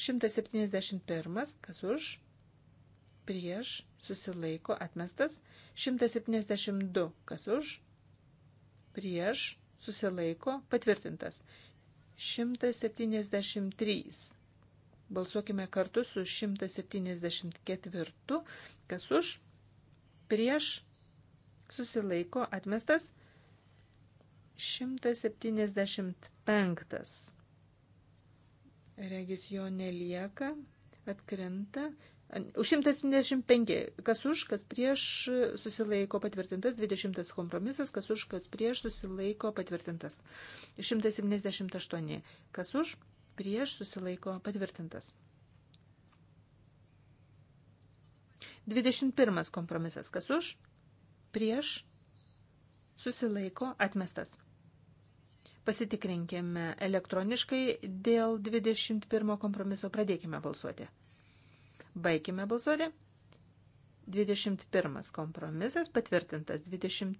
171, kas už, prieš susilaiko atmestas 172, kas už, prieš susilaiko patvirtintas 173. Balsuokime kartu su 174, kas už, prieš susilaiko atmestas 175. Regis jo nelieka, atkrenta Už 175, kas už, kas prieš susilaiko patvirtintas, 20 kompromisas, kas už, kas prieš susilaiko patvirtintas. 178, kas už, prieš susilaiko patvirtintas. 21 kompromisas, kas už, prieš susilaiko atmestas. Pasitikrinkime elektroniškai dėl 21 kompromiso, pradėkime balsuoti. Baigime balsuoti. 21 kompromisas patvirtintas, 23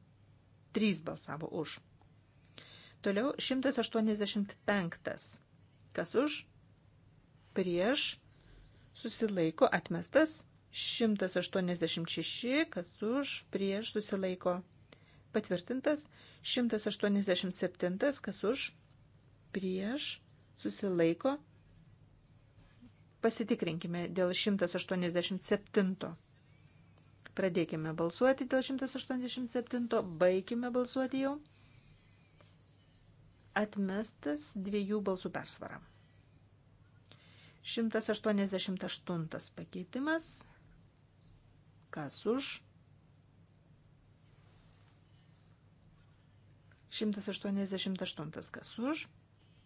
balsavo už. Toliau 185. Kas už? Prieš susilaiko atmestas. 186. Kas už? Prieš susilaiko patvirtintas. 187. Kas už? Prieš susilaiko Pasitikrinkime dėl 187. Pradėkime balsuoti dėl 187, baigime balsuoti jau. Atmestas dviejų balsų persvara. 188 pakeitimas. Kas už? 188 kas už?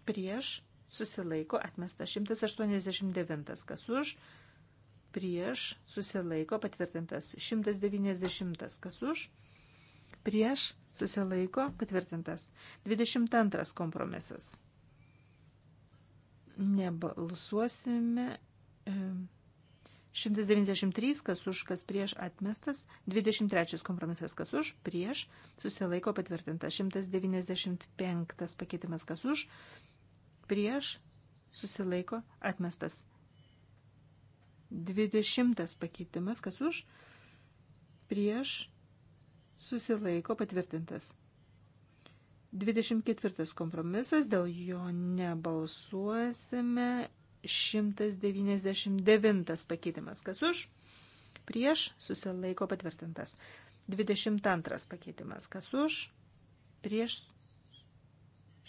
Prieš susilaiko atmesta 189, kas už, prieš susilaiko patvirtintas 190, kas už, prieš susilaiko patvirtintas 22 kompromisas. Nebalsuosime. 193, kas už, kas prieš atmestas, 23 kompromisas, kas už, prieš, susilaiko patvirtintas, 195 pakeitimas, kas už, prieš, susilaiko, atmestas. 20 pakeitimas, kas už, prieš, susilaiko, patvirtintas. 24 kompromisas, dėl jo nebalsuosime. 199 pakeitimas, kas už, prieš, susilaiko, patvirtintas. 22 pakeitimas, kas už, prieš,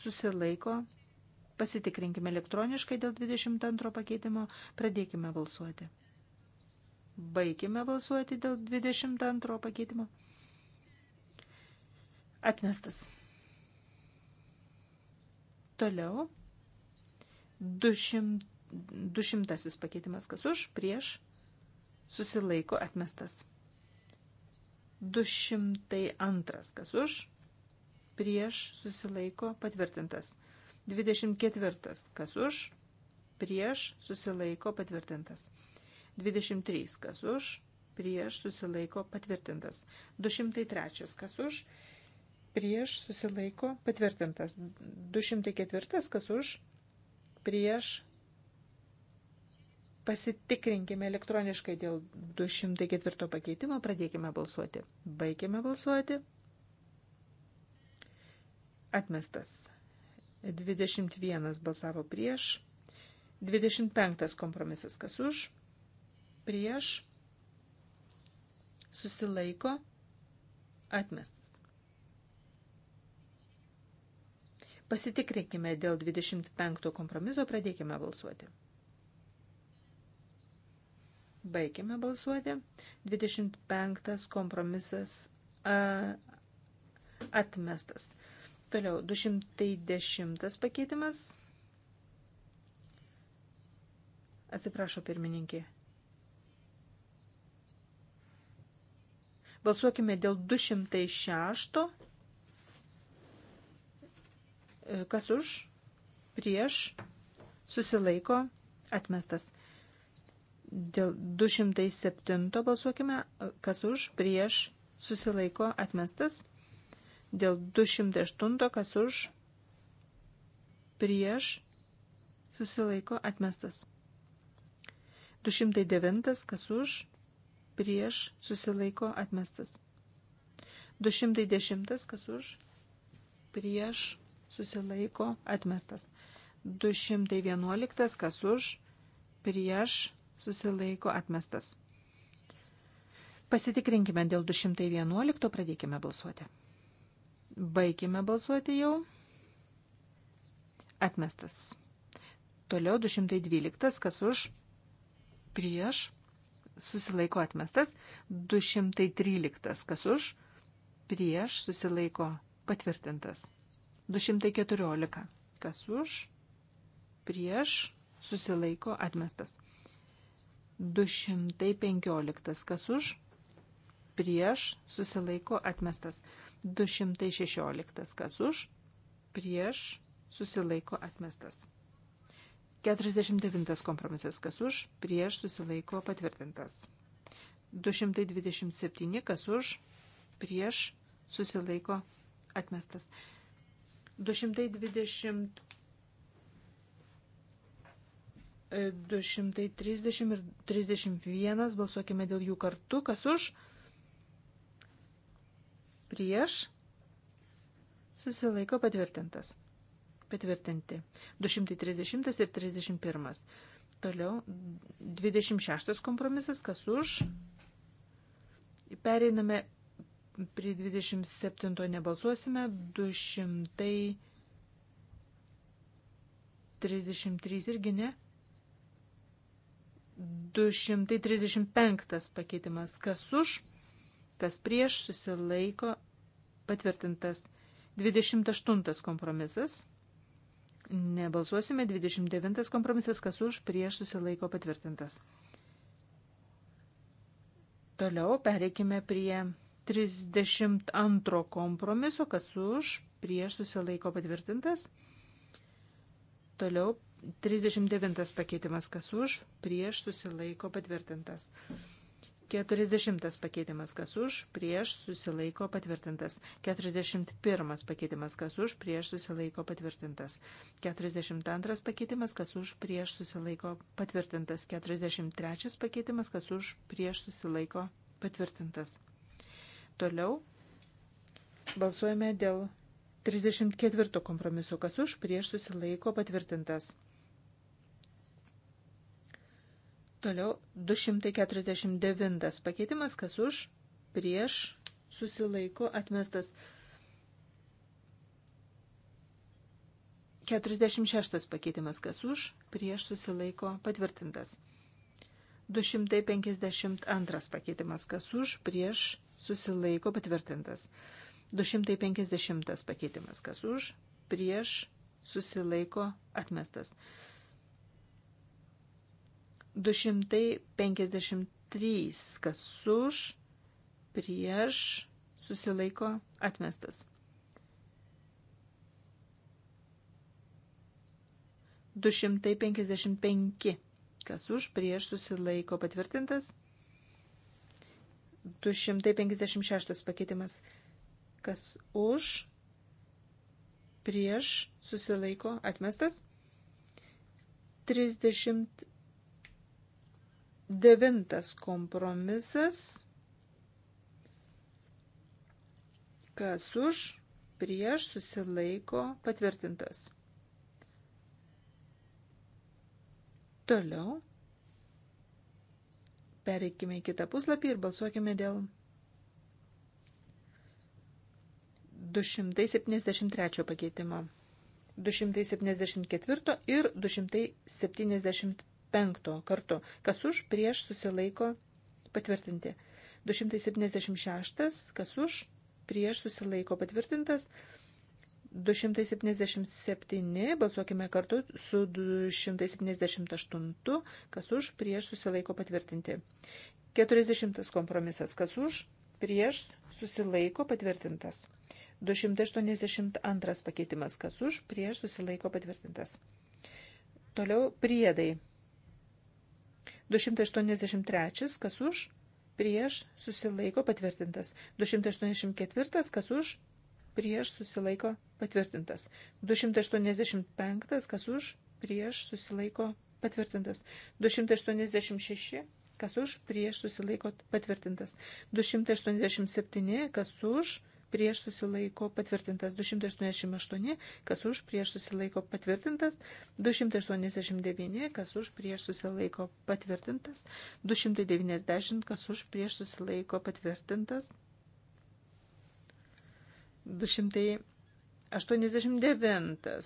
susilaiko, patvirtintas Pasitikrinkime elektroniškai dėl 22 pakeitimo. Pradėkime balsuoti. Baikime balsuoti dėl 22 pakeitimo. Atmestas. Toliau. 200, 200 pakeitimas kas už, prieš, susilaiko atmestas. 202 kas už, prieš, susilaiko patvirtintas. 24. Kas už? Prieš susilaiko patvirtintas. 23. Kas už? Prieš susilaiko patvirtintas. 203. Kas už? Prieš susilaiko patvirtintas. 204. Kas už? Prieš Pasitikrinkime elektroniškai dėl 204 pakeitimo, pradėkime balsuoti. Baigėme balsuoti. Atmestas. 21 balsavo prieš, 25 kompromisas kas už, prieš, susilaiko, atmestas. Pasitikrinkime dėl 25 kompromiso, pradėkime balsuoti. Baigime balsuoti. 25 kompromisas a, atmestas. Toliau 210 pakeitimas. Atsiprašau, pirmininkė. Balsuokime dėl 206. Kas už? Prieš? Susilaiko? Atmestas. Dėl 207 balsuokime. Kas už? Prieš? Susilaiko? Atmestas. Dėl 208, kas už, prieš, susilaiko atmestas. 209, kas už, prieš, susilaiko atmestas. 210, kas už, prieš, susilaiko atmestas. 211, kas už, prieš, susilaiko atmestas. Pasitikrinkime dėl 211, pradėkime balsuoti. Baigėme balsuoti jau. Atmestas. Toliau 212, kas už, prieš, susilaiko atmestas. 213, kas už, prieš, susilaiko patvirtintas. 214, kas už, prieš, susilaiko atmestas. 215, kas už, prieš, susilaiko atmestas. 216. Kas už? Prieš susilaiko atmestas. 49 kompromisas. Kas už? Prieš susilaiko patvirtintas. 227. Kas už? Prieš susilaiko atmestas. 220. 230 e, ir 31 balsuokime dėl jų kartu. Kas už? prieš, susilaiko patvirtintas. Patvirtinti. 230 ir 31. Toliau 26 kompromisas, kas už. Pereiname prie 27 nebalsuosime, 233 irgi ne. 235 pakeitimas, kas už, kas prieš susilaiko Patvirtintas. 28 kompromisas. Nebalsuosime. 29 kompromisas, kas už, prieš susilaiko patvirtintas. Toliau pereikime prie 32 kompromiso, kas už, prieš susilaiko patvirtintas. Toliau 39 pakeitimas, kas už, prieš susilaiko patvirtintas. 40 pakeitimas kas už, prieš susilaiko patvirtintas. 41 pakeitimas kas už, prieš susilaiko patvirtintas. 42 pakeitimas kas už, prieš susilaiko patvirtintas. 43 pakeitimas kas už, prieš susilaiko patvirtintas. Toliau balsuojame dėl 34 kompromiso kas už, prieš susilaiko patvirtintas. Toliau 249 pakeitimas, kas už, prieš, susilaiko, atmestas. 46 pakeitimas, kas už, prieš, susilaiko, patvirtintas. 252 pakeitimas, kas už, prieš, susilaiko, patvirtintas. 250 pakeitimas, kas už, prieš, susilaiko, atmestas. 253, kas už, prieš, susilaiko, atmestas. 255, kas už, prieš, susilaiko, patvirtintas. 256 pakeitimas, kas už, prieš, susilaiko, atmestas. 30 Devintas kompromisas. Kas už, prieš, susilaiko, patvirtintas. Toliau. Pereikime į kitą puslapį ir balsuokime dėl 273 pakeitimo. 274 ir 275 penkto kartu. Kas už, prieš, susilaiko, patvirtinti. 276, kas už, prieš, susilaiko, patvirtintas. 277, balsuokime kartu su 278, kas už, prieš, susilaiko, patvirtinti. 40 kompromisas, kas už, prieš, susilaiko, patvirtintas. 282 pakeitimas, kas už, prieš, susilaiko, patvirtintas. Toliau priedai. 283, kas už, prieš, susilaiko patvirtintas. 284, kas už, prieš, susilaiko patvirtintas. 285, kas už, prieš, susilaiko patvirtintas. 286, kas už, prieš, susilaiko patvirtintas. 287, kas už, prieš, susilaiko patvirtintas. 287, kas už, prieš susilaiko patvirtintas 288, kas už prieš susilaiko patvirtintas 289, kas už prieš susilaiko patvirtintas 290, kas už prieš susilaiko patvirtintas 289.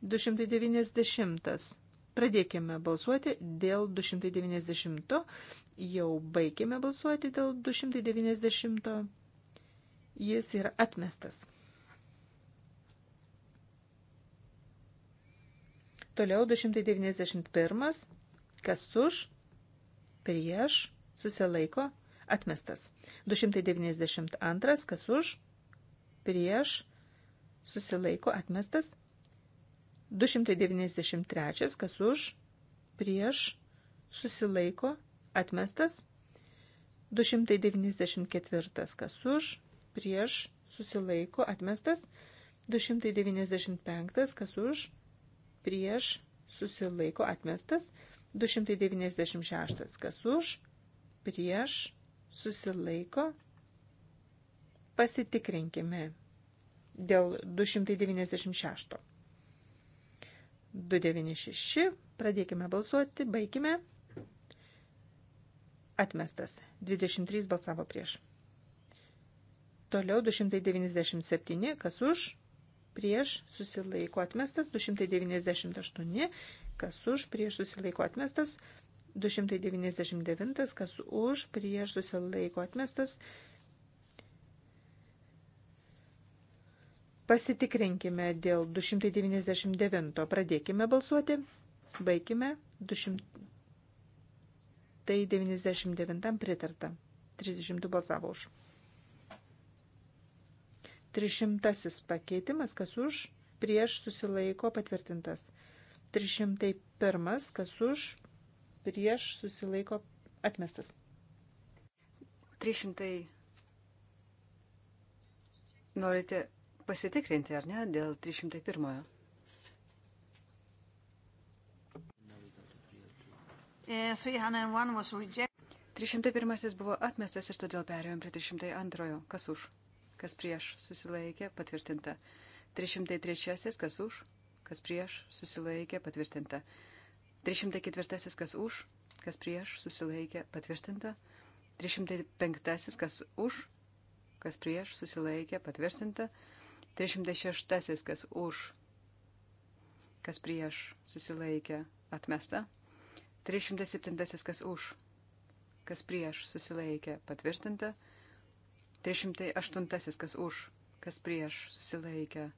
290. Pradėkime balsuoti dėl 290. Jau baigėme balsuoti dėl 290 jis yra atmestas. Toliau 291, kas už, prieš, susilaiko, atmestas. 292, kas už, prieš, susilaiko, atmestas. 293, kas už, prieš, susilaiko, atmestas. 294, kas už, prieš, susilaiko, atmestas. 295, kas už, prieš, susilaiko, atmestas. 296, kas už, prieš, susilaiko. Pasitikrinkime dėl 296. 296, pradėkime balsuoti, baigime. Atmestas. 23 balsavo prieš. Toliau 297, kas už, prieš susilaiko atmestas, 298, kas už, prieš susilaiko atmestas, 299, kas už, prieš susilaiko atmestas. Pasitikrinkime dėl 299, pradėkime balsuoti, baigime 299 pritarta, 32 balsavo už. 300 pakeitimas, kas už, prieš susilaiko patvirtintas. 301, kas už, prieš susilaiko atmestas. 300. Norite pasitikrinti, ar ne, dėl 301? E, 301 buvo atmestas ir todėl perėjom prie 302. Kas už? kas prieš susilaikė, patvirtinta. 303, kas už, kas prieš susilaikė, patvirtinta. 304, kas už, kas prieš susilaikė, patvirtinta. 305, kas už, kas prieš susilaikė, patvirtinta. 306, kas už, kas prieš susilaikė, atmesta. 307, kas už, kas prieš susilaikė, patvirtinta. 308, 308 kas už, kas prieš susilaikė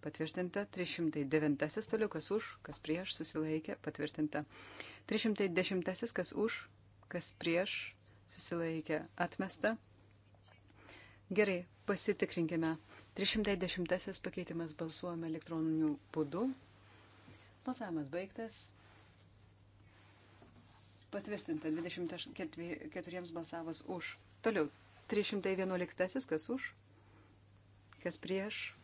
patvirtinta. 309 toliau kas už, kas prieš susilaikė patvirtinta. 310 kas už, kas prieš susilaikė atmesta. Gerai, pasitikrinkime. 310 pakeitimas balsuojame elektroniniu būdu. Balsavimas baigtas. Patvirtinta 24 balsavas už. Toliau 311. Kas už? Kas prieš?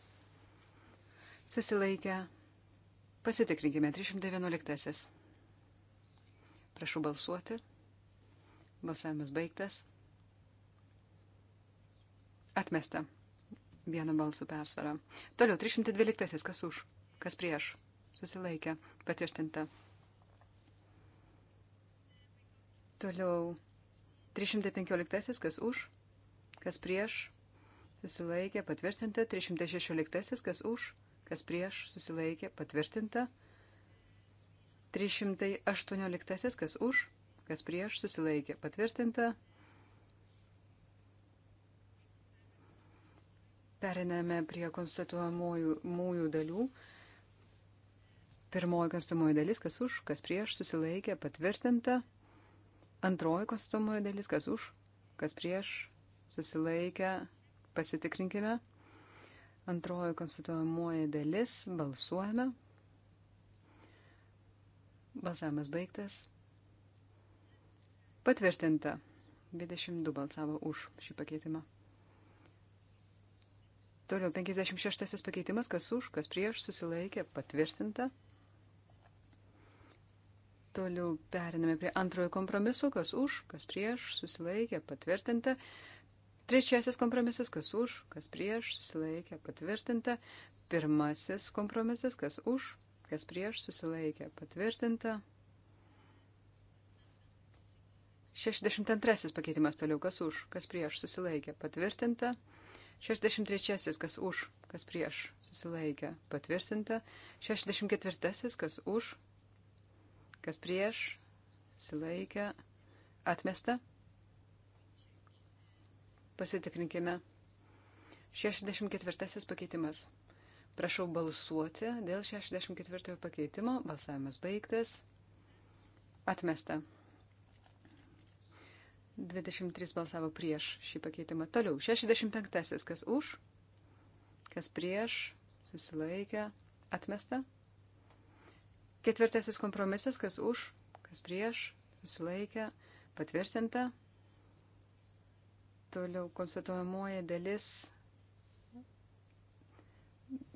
Susilaikę. Pasitikrinkime 311. Prašau balsuoti. Balsavimas baigtas. Atmesta. Vieno balsų persvara. Toliau 312. Kas už? Kas prieš? Susilaikė. Patvirtinta. Toliau 315. Kas už? kas prieš, susilaikė, patvirtinta. 316, kas už, kas prieš, susilaikė, patvirtinta. 318, kas už, kas prieš, susilaikė, patvirtinta. Periname prie konstatuojamųjų dalių. Pirmoji konstatuojamoji dalis, kas už, kas prieš, susilaikė, patvirtinta. Antroji konstatuojamoji dalis, kas už, kas prieš, susilaikę, pasitikrinkime. Antroji konstituojamoji dalis, balsuojame. Balsavimas baigtas. Patvirtinta. 22 balsavo už šį pakeitimą. Toliau 56 pakeitimas, kas už, kas prieš, susilaikė, patvirtinta. Toliau periname prie antrojo kompromiso, kas už, kas prieš, susilaikė, patvirtinta. Trečiasis kompromisas, kas už, kas prieš, susilaikė, patvirtinta. Pirmasis kompromisas, kas už, kas prieš, susilaikė, patvirtinta. 62 pakeitimas toliau, kas už, kas prieš, susilaikė, patvirtinta. 63 kas už, kas prieš, susilaikė, patvirtinta. 64 kas už, kas prieš, susilaikė, atmesta. Pasitikrinkime. 64 pakeitimas. Prašau balsuoti dėl 64 pakeitimo. Balsavimas baigtas. Atmesta. 23 balsavo prieš šį pakeitimą. Toliau. 65. Kas už? Kas prieš? Susilaikė. Atmesta. Ketvirtasis kompromisas. Kas už? Kas prieš? Susilaikė. Patvirtinta. Toliau konstatuojamoji dalis.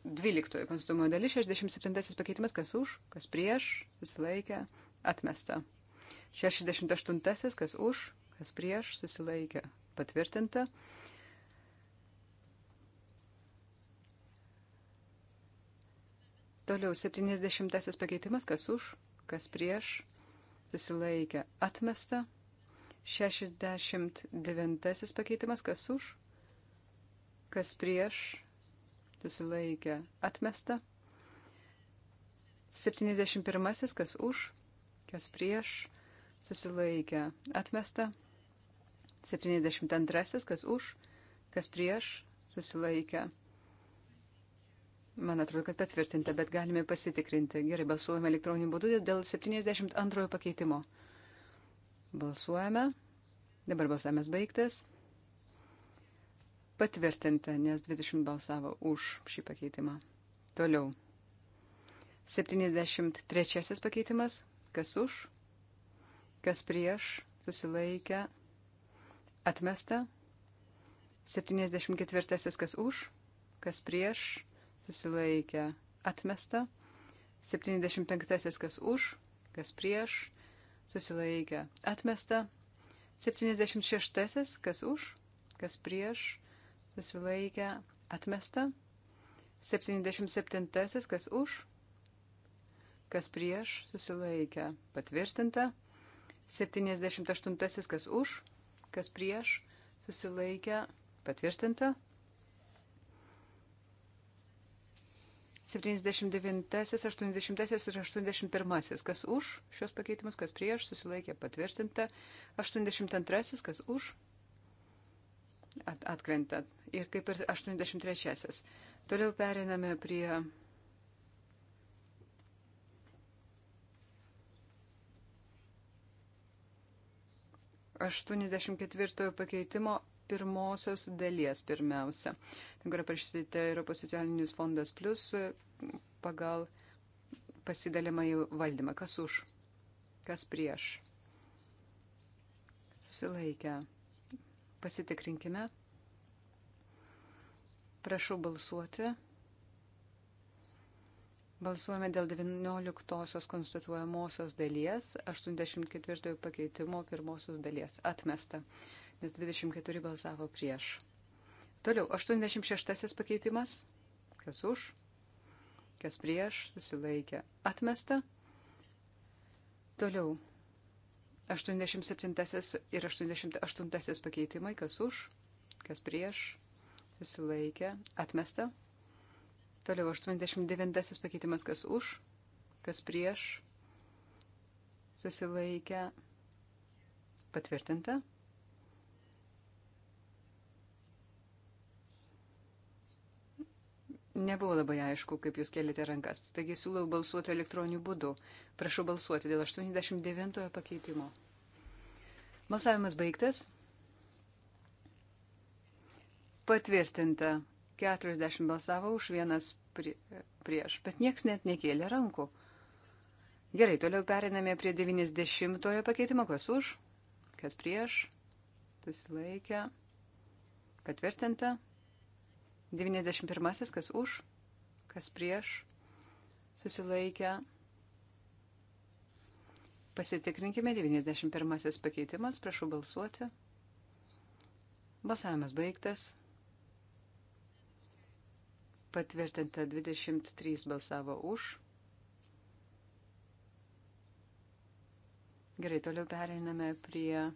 12 konstatuojamoji dalis, 67 pakeitimas, kas už, kas prieš, susilaikė, atmesta. 68 kas už, kas prieš, susilaikė, patvirtinta. Toliau 70 pakeitimas, kas už, kas prieš, susilaikė, atmesta. 69 pakeitimas, kas už, kas prieš, susilaikė, atmesta. 71 kas už, kas prieš, susilaikė, atmesta. 72 kas už, kas prieš, susilaikė. Man atrodo, kad patvirtinta, bet galime pasitikrinti. Gerai, balsuojame elektroniniu būdu dėl 72 pakeitimo. Balsuojame. Dabar balsavimas baigtas. Patvirtinta, nes 20 balsavo už šį pakeitimą. Toliau. 73 pakeitimas. Kas už? Kas prieš? Susilaikę. Atmesta. 74 kas už? Kas prieš? Susilaikę. Atmesta. 75 kas už? Kas prieš? susilaikė atmesta. 76. Kas už, kas prieš, susilaikė atmesta. 77. Kas už, kas prieš, susilaikė patvirtinta. 78. Kas už, kas prieš, susilaikė patvirtinta. 79, 80 ir 81. Kas už šios pakeitimus, kas prieš, susilaikė patvirtinta. 82, kas už, at, atkrenta. Ir kaip ir 83. Toliau periname prie. Aštuoniasdešimt ketvirtojo pakeitimo pirmosios dalies pirmiausia. Ten yra parašyta Europos socialinis fondas plus pagal pasidalimą į valdymą. Kas už, kas prieš. Susilaikę. Pasitikrinkime. Prašau balsuoti. Balsuojame dėl 19 konstatuojamosios dalies, 84 pakeitimo pirmosios dalies. Atmesta nes 24 balsavo prieš. Toliau, 86 pakeitimas. Kas už, kas prieš, susilaikė. Atmesta. Toliau, 87 ir 88 pakeitimai. Kas už, kas prieš, susilaikė. Atmesta. Toliau, 89 pakeitimas. Kas už, kas prieš, susilaikė. Patvirtinta. Nebuvo labai aišku, kaip jūs kėlėte rankas. Taigi siūlau balsuoti elektroniniu būdu. Prašau balsuoti dėl 89 pakeitimo. Balsavimas baigtas. Patvirtinta. 40 balsavo už vienas prie, prieš, bet nieks net nekėlė rankų. Gerai, toliau periname prie 90 pakeitimo. Kas už, kas prieš, susilaikė, patvirtinta. 91. Kas už, kas prieš, susilaikę. Pasitikrinkime 91 pakeitimas, prašau balsuoti. Balsavimas baigtas. Patvirtinta 23 balsavo už. Gerai, toliau pereiname prie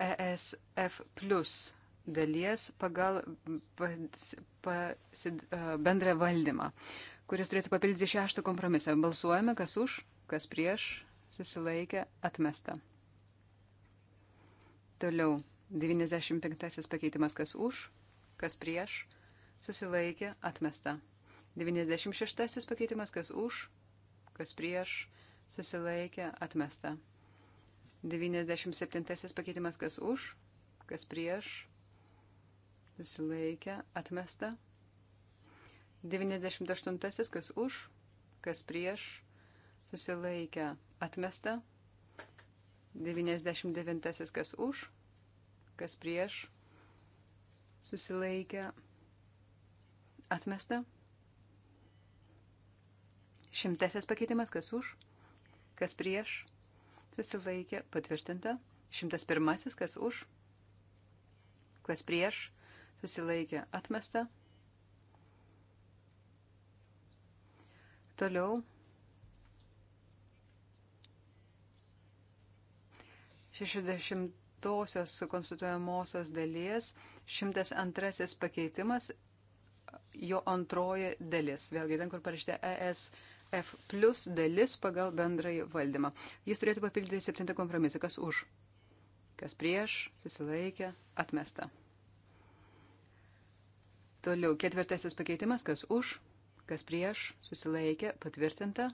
ESF plus dalies pagal e, bendrą valdymą, kuris turėtų papildyti šeštą kompromisą. Balsuojame, kas už, kas prieš, susilaikė, atmesta. Toliau, 95 pakeitimas, kas už, kas prieš, susilaikė, atmesta. 96 pakeitimas, kas už, kas prieš, susilaikė, atmesta. 97 pakeitimas kas už, kas prieš, susilaikė, atmesta. 98 kas už, kas prieš, susilaikė, atmesta. 99 kas už, kas prieš, susilaikė, atmesta. Šimtasis pakeitimas kas už, kas prieš, susilaikė susilaikė, patvirtinta. 101, kas už, kas prieš, susilaikė, atmesta. Toliau. 60-osios konstituojamosios dalies 102 pakeitimas, jo antroji dalis. Vėlgi ten, kur parašyta ES F plus dalis pagal bendrąjį valdymą. Jis turėtų papildyti septintą kompromisą. Kas už? Kas prieš? Susilaikė? Atmesta. Toliau ketvirtasis pakeitimas. Kas už? Kas prieš? Susilaikė? Patvirtinta.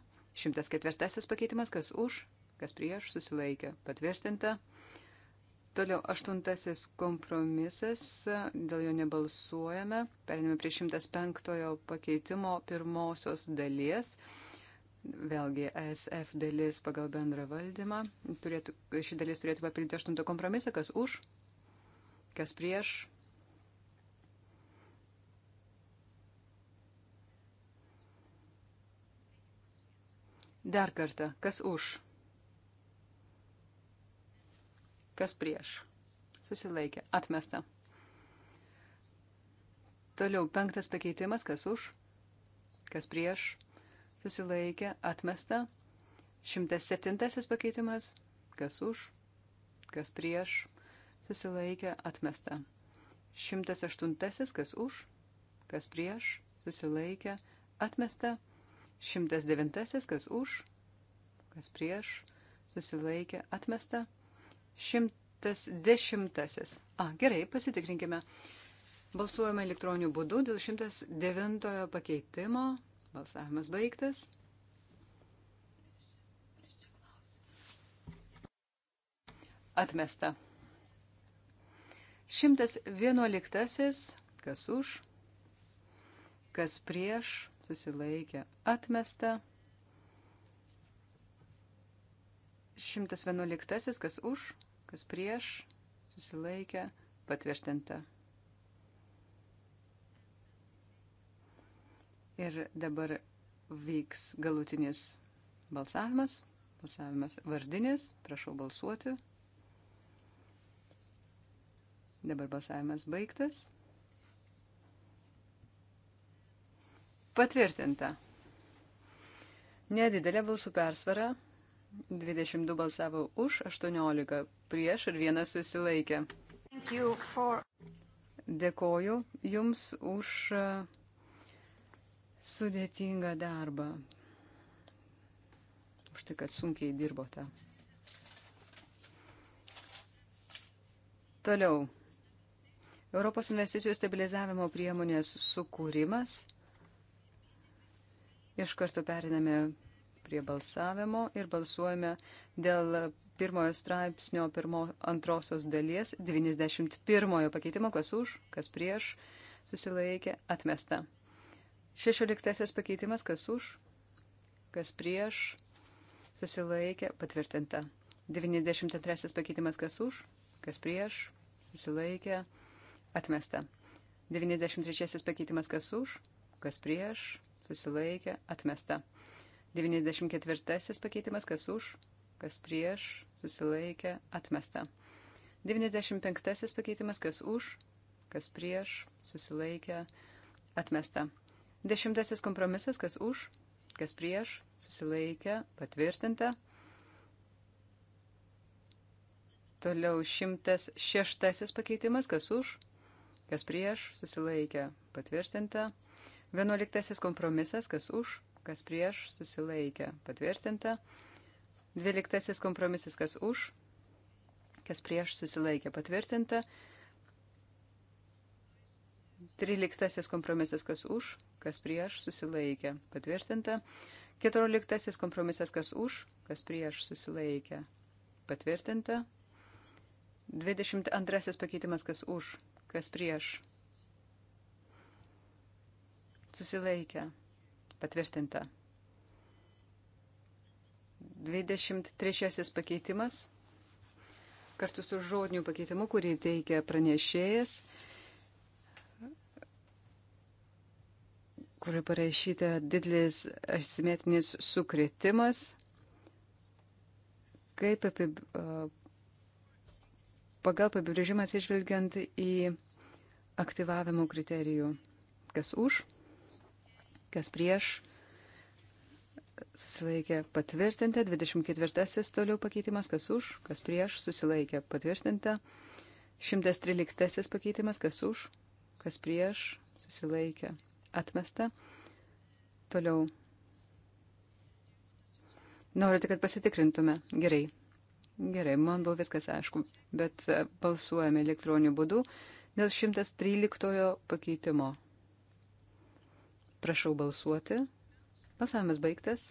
Šimtas ketvirtasis pakeitimas. Kas už? Kas prieš? Susilaikė? Patvirtinta. Toliau aštuntasis kompromisas, dėl jo nebalsuojame. Perėmėme prie 105 pakeitimo pirmosios dalies. Vėlgi, ESF dalis pagal bendrą valdymą, turėtų, ši dalis turėtų papildyti aštuntą kompromisą, kas už, kas prieš. Dar kartą, kas už, kas prieš. Susilaikė, atmesta. Toliau penktas pakeitimas, kas už, kas prieš susilaikė, atmesta. 107 pakeitimas, kas už, kas prieš, susilaikė, atmesta. 108 kas už, kas prieš, susilaikė, atmesta. 109 kas už, kas prieš, susilaikė, atmesta. 110. A, gerai, pasitikrinkime. Balsuojame elektroniniu būdu dėl 109 pakeitimo. Balsavimas baigtas. Atmesta. 111. Kas už, kas prieš, susilaikė. Atmesta. 111. Kas už, kas prieš, susilaikė. Patvirtinta. Ir dabar vyks galutinis balsavimas, balsavimas vardinis, prašau balsuoti. Dabar balsavimas baigtas. Patvirtinta. Nedidelė balsų persvara. 22 balsavo už, 18 prieš ir vienas susilaikė. For... Dėkoju Jums už. Uh, sudėtingą darbą, už tai, kad sunkiai dirbote. Toliau. Europos investicijų stabilizavimo priemonės sukūrimas. Iš karto periname prie balsavimo ir balsuojame dėl pirmojo straipsnio pirmo, antrosios dalies 91 pakeitimo, kas už, kas prieš, susilaikė, atmesta. Šešioliktasis pakeitimas, kas už, kas prieš, susilaikė, patvirtinta. 93 pakeitimas, kas už, kas prieš, susilaikė, atmesta. 93 pakeitimas, kas už, kas prieš, susilaikė, atmesta. 94 pakeitimas, kas už, kas prieš, susilaikė, atmesta. 95 pakeitimas, kas už, kas prieš, susilaikė, atmesta. Dešimtasis kompromisas, kas už, kas prieš, susilaikė, patvirtinta. Toliau šimtas šeštasis pakeitimas, kas už, kas prieš, susilaikė, patvirtinta. Vienuoliktasis kompromisas, kas už, kas prieš, susilaikė, patvirtinta. Dvyliktasis kompromisas, kas už, kas prieš, susilaikė, patvirtinta. Tryliktasis kompromisas, kas už, kas prieš susilaikė patvirtinta. Keturioliktasis kompromisas, kas už, kas prieš susilaikė patvirtinta. Dvidešimt antrasis pakeitimas, kas už, kas prieš susilaikė patvirtinta. Dvidešimt trečiasis pakeitimas kartu su žodiniu pakeitimu, kurį teikia pranešėjas. kur parašyta didelis asimetrinis sukretimas, kaip apie, pagal apibrėžimą atsižvelgiant į aktyvavimo kriterijų, kas už, kas prieš, susilaikė patvirtinti, 24 toliau pakeitimas, kas už, kas prieš, susilaikė patvirtinti, 113 pakeitimas, kas už, kas prieš, susilaikė atmesta. Toliau. Norite, kad pasitikrintume? Gerai. Gerai, man buvo viskas aišku, bet e, balsuojame elektroniniu būdu dėl 113 pakeitimo. Prašau balsuoti. Balsavimas baigtas.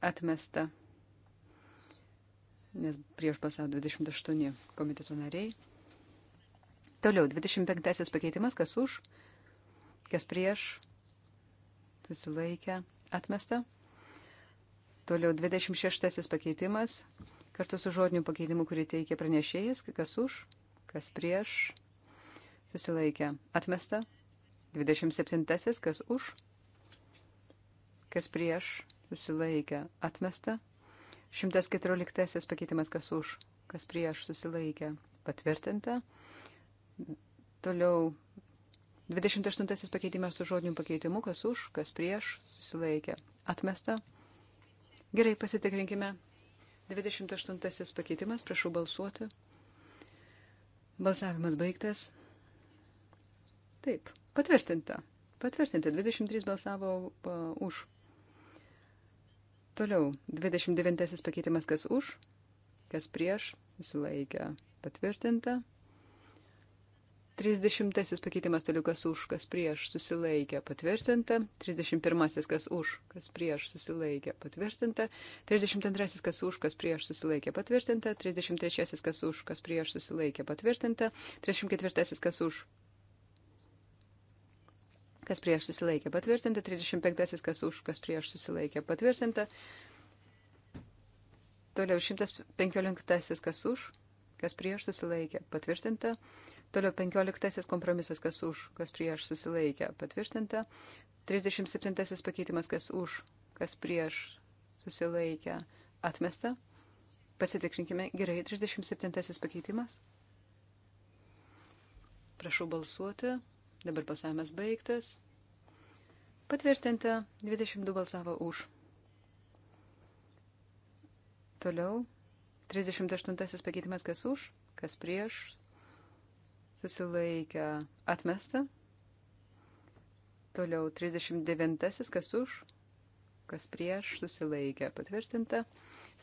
Atmesta. Nes prieš balsavo 28 komiteto nariai. Toliau, 25 pakeitimas, kas už, kas prieš, susilaikę, atmesta. Toliau, 26 pakeitimas, kartu su žodiniu pakeitimu, kurį teikia pranešėjas, kas už, kas prieš, susilaikę, atmesta. 27 kas už, kas prieš, susilaikę, atmesta. 114 pakeitimas, kas už, kas prieš, susilaikę, patvirtinta. Toliau 28 pakeitimas su žodiniu pakeitimu, kas už, kas prieš, susilaikė. Atmesta. Gerai, pasitikrinkime. 28 pakeitimas, prašau balsuoti. Balsavimas baigtas. Taip, patvirtinta. Patvirtinta, 23 balsavo uh, už. Toliau, 29 pakeitimas, kas už, kas prieš, susilaikė. Patvirtinta. 30 pakeitimas toliau kas už, kas prieš susilaikė patvirtinta. 31 kas už, kas prieš susilaikė patvirtinta. 32 kas už, kas prieš susilaikė patvirtinta. 33 kas už, kas prieš susilaikė patvirtinta. 34 kas už, kas prieš susilaikė patvirtinta. 35 kas už, kas prieš susilaikė patvirtinta. Toliau 115 kas už, kas prieš susilaikė patvirtinta. Toliau 15 kompromisas, kas už, kas prieš susilaikė patvirtinta. 37 pakeitimas, kas už, kas prieš susilaikė atmesta. Pasitikrinkime. Gerai, 37 pakeitimas. Prašau balsuoti. Dabar pasavimas baigtas. Patvirtinta, 22 balsavo už. Toliau, 38 pakeitimas kas už, kas prieš, susilaikę atmesta. Toliau 39, kas už, kas prieš, susilaikė patvirtinta.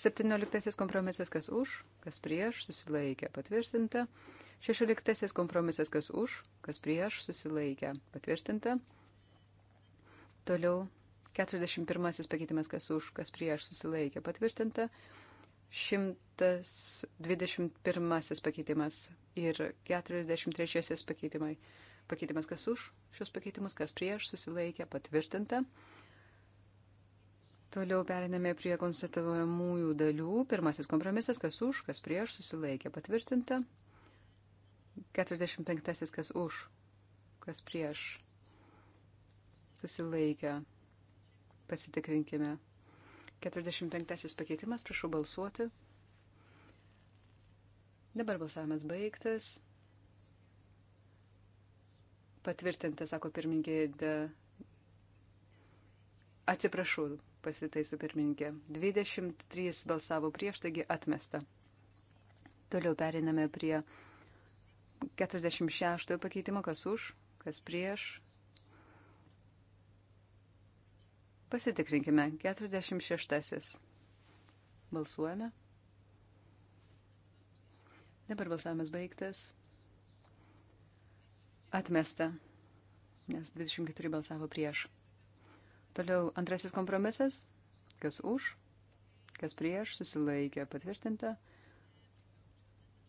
17 kompromisas, kas už, kas prieš, susilaikė patvirtinta. 16 kompromisas, kas už, kas prieš, susilaikė patvirtinta. Toliau 41 pakeitimas, kas už, kas prieš, susilaikė patvirtinta. 121 pakeitimas ir 43 pakeitimai. Pakeitimas kas už šios pakeitimus, kas prieš, susilaikė, patvirtinta. Toliau periname prie konstatuojamųjų dalių. Pirmasis kompromisas, kas už, kas prieš, susilaikė, patvirtinta. 45 kas už, kas prieš, susilaikė, pasitikrinkime. 45 pakeitimas, prašau balsuoti. Dabar balsavimas baigtas. Patvirtinta, sako pirmininkė, de... atsiprašau, pasitaisų pirmininkė. 23 balsavo prieš, taigi atmesta. Toliau periname prie 46 pakeitimo, kas už, kas prieš, Pasitikrinkime. 46. Balsuojame. Dabar balsavimas baigtas. Atmesta, nes 24 balsavo prieš. Toliau antrasis kompromisas. Kas už, kas prieš, susilaikė patvirtinta.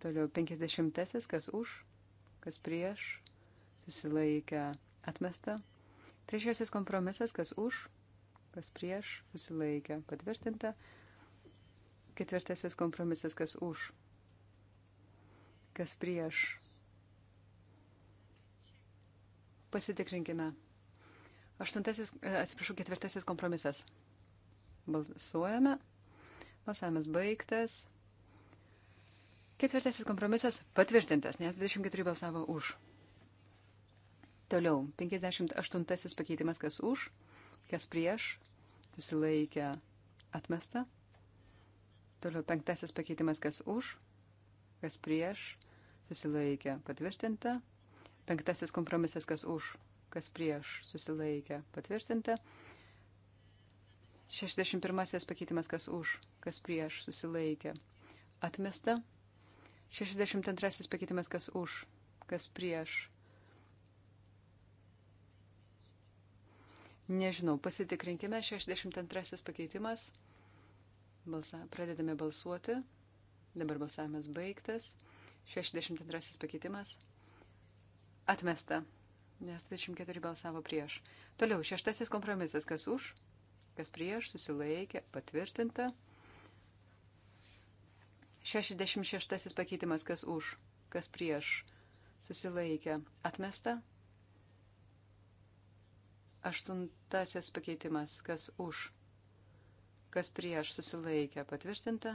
Toliau 50. Kas už, kas prieš, susilaikė atmesta. Trečiasis kompromisas. Kas už, kas prieš, susilaikė, patvirtinta. Ketvirtasis kompromisas, kas už, kas prieš. Pasitikrinkime. Aštuntasis, e, atsiprašau, ketvirtasis kompromisas. Balsuojame. Balsavimas baigtas. Ketvirtasis kompromisas patvirtintas, nes 24 balsavo už. Toliau, 58 pakeitimas, kas už Kas prieš? Susilaikė atmesta. Toliau penktasis pakeitimas, kas už, kas prieš, susilaikė patvirtinta. Penktasis kompromisas, kas už, kas prieš, susilaikė patvirtinta. Šešdešimt pirmasis pakeitimas, kas už, kas prieš, susilaikė atmesta. Šešdešimt antrasis pakeitimas, kas už, kas prieš, Nežinau, pasitikrinkime 62 pakeitimas. Balsa, pradedame balsuoti. Dabar balsavimas baigtas. 62 pakeitimas. Atmesta, nes 24 balsavo prieš. Toliau, šeštasis kompromisas. Kas už, kas prieš, susilaikė, patvirtinta. 66 pakeitimas. Kas už, kas prieš, susilaikė, atmesta. Aštuntasis pakeitimas, kas už, kas prieš susilaikė patvirtinta.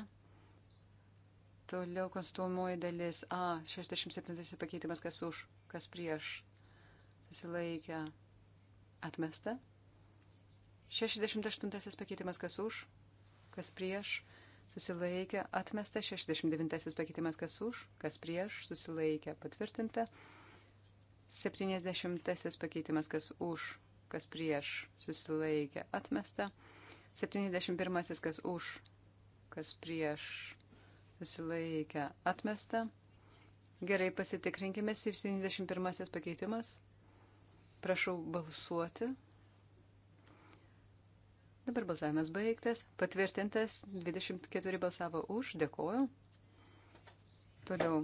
Toliau konstatuojamoji dalis A, 67 pakeitimas, kas už, kas prieš susilaikė atmesta. 68 pakeitimas, kas už, kas prieš susilaikė atmesta. 69 pakeitimas, kas už, kas prieš susilaikė patvirtinta. 70 pakeitimas, kas už, kas prieš, susilaikė, atmesta. 71 kas už, kas prieš, susilaikė, atmesta. Gerai, pasitikrinkime 71 pakeitimas. Prašau balsuoti. Dabar balsavimas baigtas. Patvirtintas. 24 balsavo už. Dėkoju. Toliau.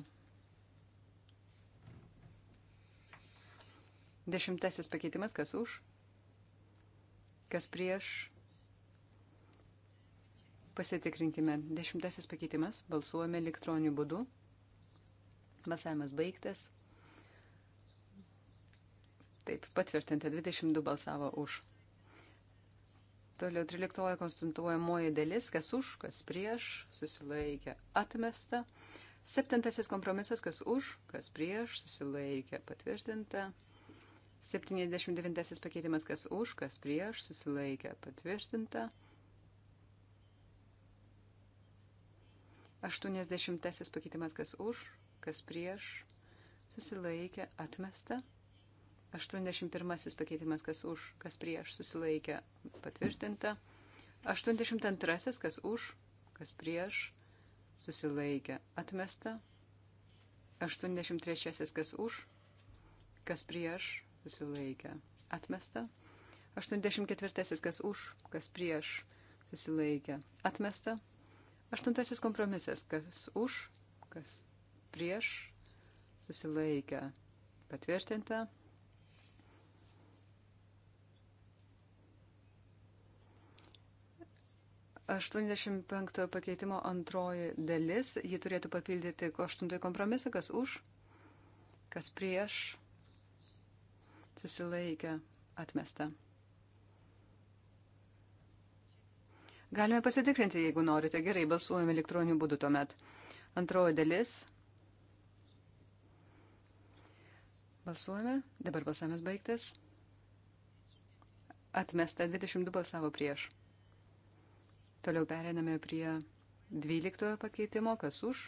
Dešimtasis pakeitimas. Kas už? kas prieš. Pasitikrinkime. Dešimtasis pakeitimas. Balsuojame elektroniniu būdu. Balsavimas baigtas. Taip, patvirtinta. 22 balsavo už. Toliau 13 konstantuojamoji dalis, kas už, kas prieš, susilaikė atmesta. Septintasis kompromisas, kas už, kas prieš, susilaikė patvirtinta. 79 pakeitimas, kas už, kas prieš, susilaikė patvirtinta. 80 pakeitimas, kas už, kas prieš, susilaikė atmesta. 81 pakeitimas, kas už, kas prieš, susilaikė patvirtinta. 82 kas už, kas prieš, susilaikė atmesta. 83 kas už, kas prieš, susilaikė atmesta. 84 kas už, kas prieš susilaikė atmesta. 8 kompromisas kas už, kas prieš susilaikė patvirtinta. Aštuoniasdešimt penktojo pakeitimo antroji dalis, ji turėtų papildyti aštuntojo kompromisą, kas už, kas prieš, susilaikę, atmesta. Galime pasitikrinti, jeigu norite. Gerai, balsuojame elektroniniu būdu tuomet. Antroji dalis. Balsuojame. Dabar balsavimas baigtas. Atmesta 22 balsavo prieš. Toliau periname prie 12 pakeitimo. Kas už,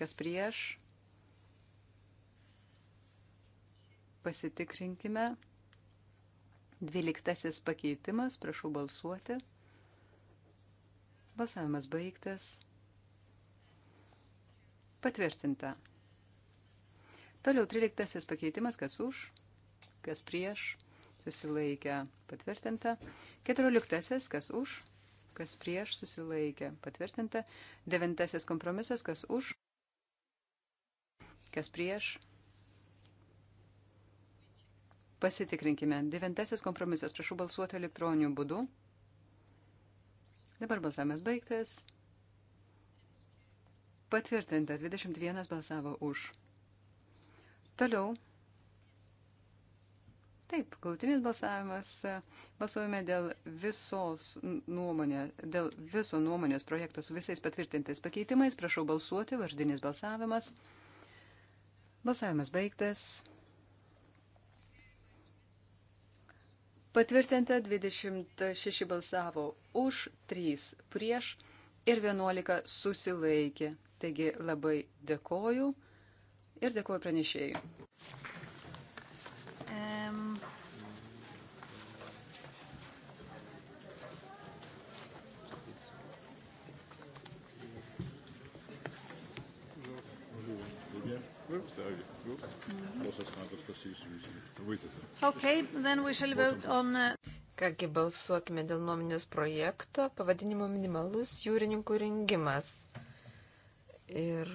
kas prieš, Pasitikrinkime. Dvyliktasis pakeitimas, prašau balsuoti. Balsavimas baigtas. Patvirtinta. Toliau tryliktasis pakeitimas, kas už, kas prieš, susilaikė, patvirtinta. Keturioliktasis, kas už, kas prieš, susilaikė, patvirtinta. Devintasis kompromisas, kas už, kas prieš, Pasitikrinkime. Devintasis kompromisas. Prašau balsuoti elektroniniu būdu. Dabar balsavimas baigtas. Patvirtinta. 21 balsavo už. Toliau. Taip, galutinis balsavimas. Balsuojame dėl visos nuomonės, dėl viso nuomonės projekto su visais patvirtintais pakeitimais. Prašau balsuoti, vardinis balsavimas. Balsavimas baigtas. Patvirtinta 26 balsavo už, 3 prieš ir 11 susilaikė. Taigi labai dėkoju ir dėkoju pranešėjui. Um. Oops, sorry. Oops. Mm. Okay, then we shall vote on. Uh, Kągi balsuokime dėl nuomonės projekto pavadinimo minimalus jūrininkų rengimas. Ir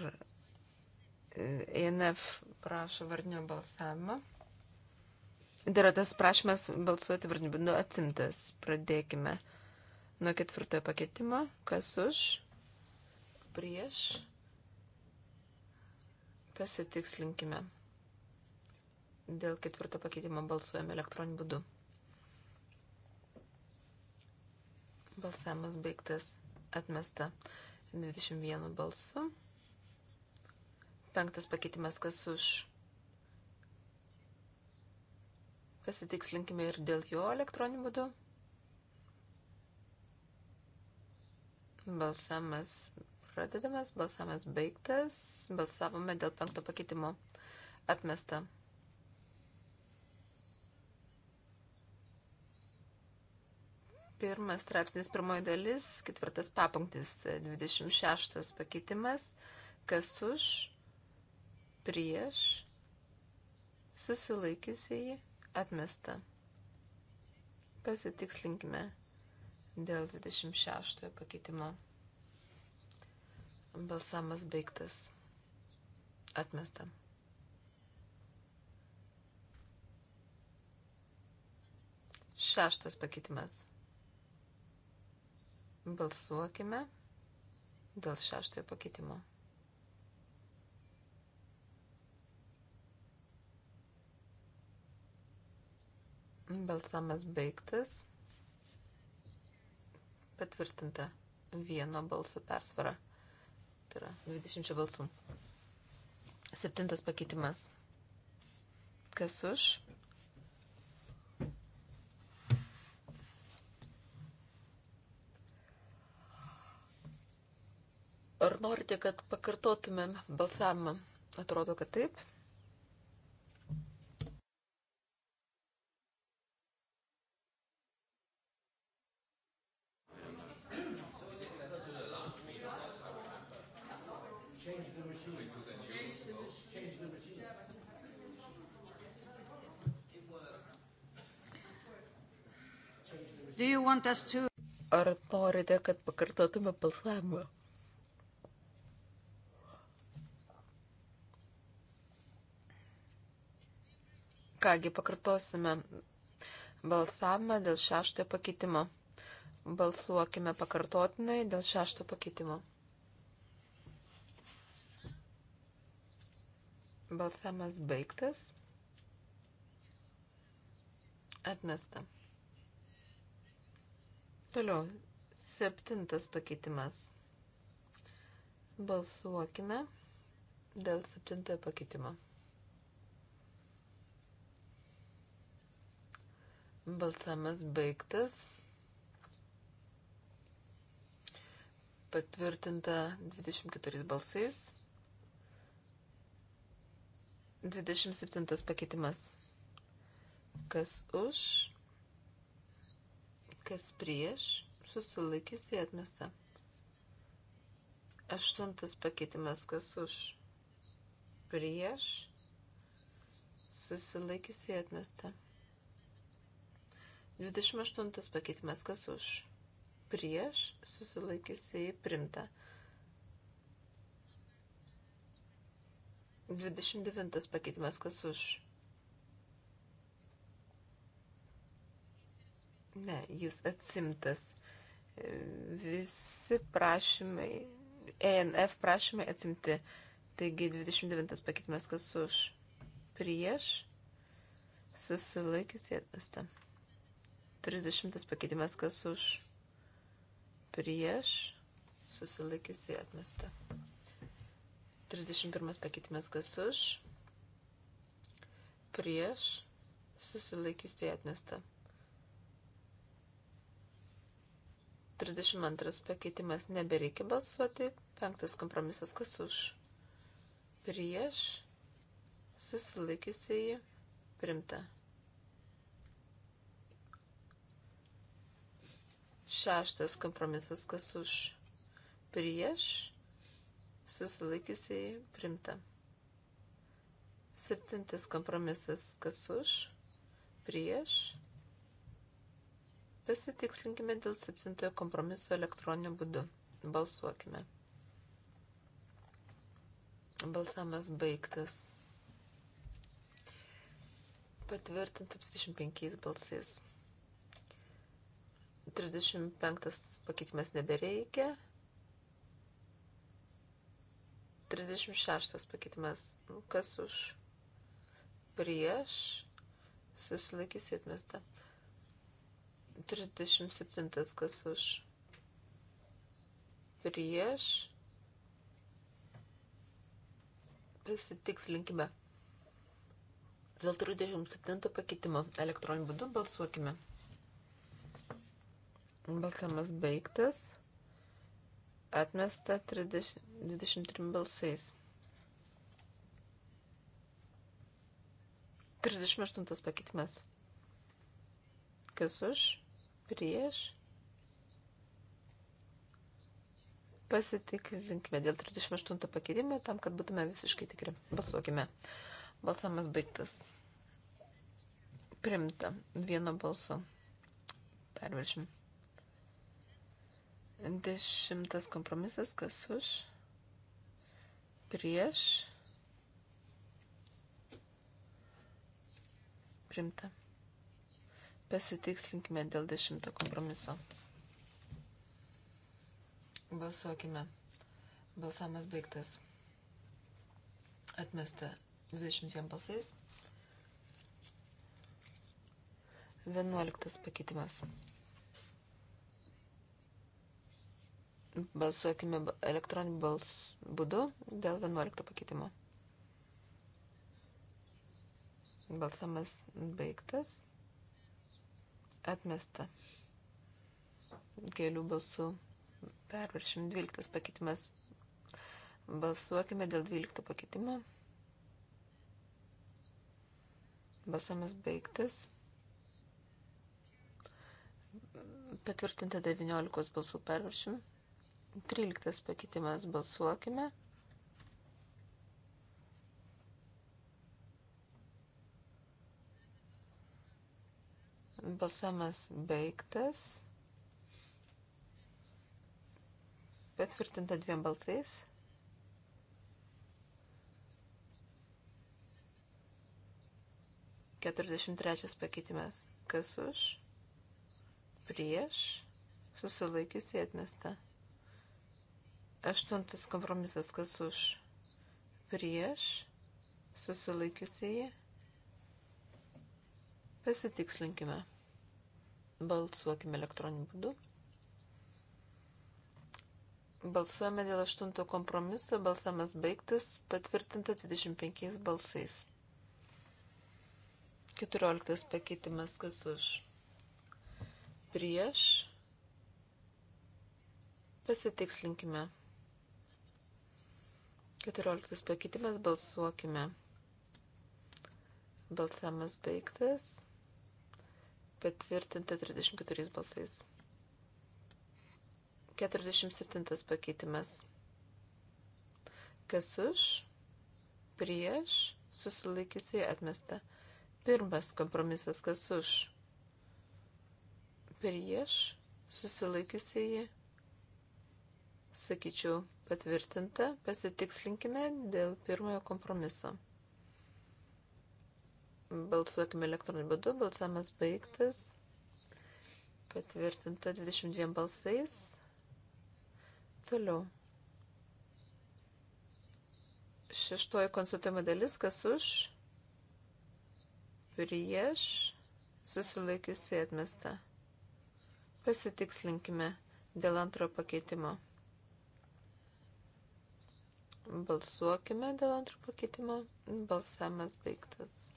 ENF e prašo vardinio balsavimo. Tai yra tas prašymas balsuoti vardiniu būdu nu, atsimtas. Pradėkime nuo ketvirtojo pakeitimo. Kas už? Prieš? Pasitikslinkime. Dėl ketvirto pakeitimo balsuojame elektroniniu būdu. Balsavimas baigtas atmesta 21 balsu. Penktas pakeitimas kas už. Pasitikslinkime ir dėl jo elektroniniu būdu. Balsavimas pradedamas, balsavimas baigtas, balsavome dėl penkto pakeitimo atmesta. Pirmas straipsnis, pirmoji dalis, ketvirtas papunktis, 26 pakeitimas, kas už, prieš, susilaikiusiai, atmesta. Pasitikslinkime dėl 26 pakeitimo. Balsamas baigtas. Atmesta. Šeštas pakeitimas. Balsuokime dėl šeštojo pakeitimo. Balsamas baigtas. Patvirtinta vieno balsų persvara. Tai yra 20 balsų. Septintas pakeitimas. Kas už? Ar norite, kad pakartotumėm balsavimą? Atrodo, kad taip. To... Ar norite, kad pakartotume balsavimą? Kągi, pakartosime balsavimą dėl šešto pakeitimo. Balsuokime pakartotinai dėl šešto pakeitimo. Balsamas baigtas. Atmesta. Toliau, septintas pakeitimas. Balsuokime dėl septintojo pakeitimo. Balsamas baigtas. Patvirtinta 24 balsais. 27 pakeitimas. Kas už? kas prieš, susilaikiusi atmesta. Aštuntas pakeitimas, kas už, prieš, susilaikiusi atmesta. 28 pakeitimas, kas už, prieš, susilaikiusi primta. 29 pakeitimas, kas už, Ne, jis atsimtas. Visi prašymai, ENF prašymai atsimti. Taigi 29 pakeitimas kas už prieš susilaikys atmesta. 30 pakeitimas kas už prieš susilaikys atmesta. 31 pakeitimas kas už prieš susilaikys atmesta. 32 pakeitimas nebereikia balsuoti. Penktas kompromisas kas už? Prieš susilaikiusiai primta. Šeštas kompromisas kas už? Prieš susilaikiusiai primta. Septintas kompromisas kas už? Prieš Pasitikslinkime dėl septintojo kompromiso elektroniniu būdu. Balsuokime. Balsamas baigtas. Patvirtinta 25 balsais. 35 pakeitimas nebereikia. 36 pakeitimas. Kas už? Prieš. Susilaikysi atmesta. 37 kas už prieš. Pasitikslinkime. Dėl 37 pakeitimo elektroniniu būdu balsuokime. Balsamas baigtas. Atmesta 30, 23 balsais. 38 pakeitimas. Kas už? prieš. Pasitikrinkime dėl 38 pakeitimo, tam, kad būtume visiškai tikri. Balsuokime. Balsamas baigtas. Primta. Vieno balso. Perviršim. Dešimtas kompromisas, kas už. Prieš. Primta. Pasitikslinkime dėl dešimto kompromiso. Balsuokime. Balsamas baigtas. Atmesta 22 balsais. 11 pakeitimas. balsuokime elektroniniu bals būdu dėl 11 pakeitimo. Balsamas baigtas atmesta. Kelių balsų perviršim 12 pakeitimas. Balsuokime dėl 12 pakeitimo. Balsamas baigtas. Patvirtinta 19 balsų perviršim. 13 pakeitimas balsuokime. Balsuokime. Balsamas baigtas. Patvirtinta dviem balsais. Keturiasdešimt trečias pakeitimas. Kas už? Prieš. Susilaikiusi atmesta. Aštuntas kompromisas. Kas už? Prieš. Susilaikiusi jį. Pasitikslinkime. Balsuokime elektroniniu būdu. Balsuojame dėl 8 kompromiso, balsamas baigtas, patvirtinta 25 balsais. 14 pakeitimas, kas už. Prieš. Pasitikslinkime. 14 pakeitimas, balsuokime. Balsamas baigtas patvirtinta 34 balsais. 47 pakeitimas. Kas už, prieš, susilaikiusiai atmesta. Pirmas kompromisas, kas už, prieš, susilaikiusiai, sakyčiau, patvirtinta. Pasitikslinkime dėl pirmojo kompromiso. Balsuokime elektroniniu būdu. Balsavimas baigtas. Patvirtinta 22 balsais. Toliau. Šeštoji konsultuojama dalis, kas už, prieš, susilaikiusi atmesta. Pasitikslinkime dėl antro pakeitimo. Balsuokime dėl antro pakeitimo. Balsavimas baigtas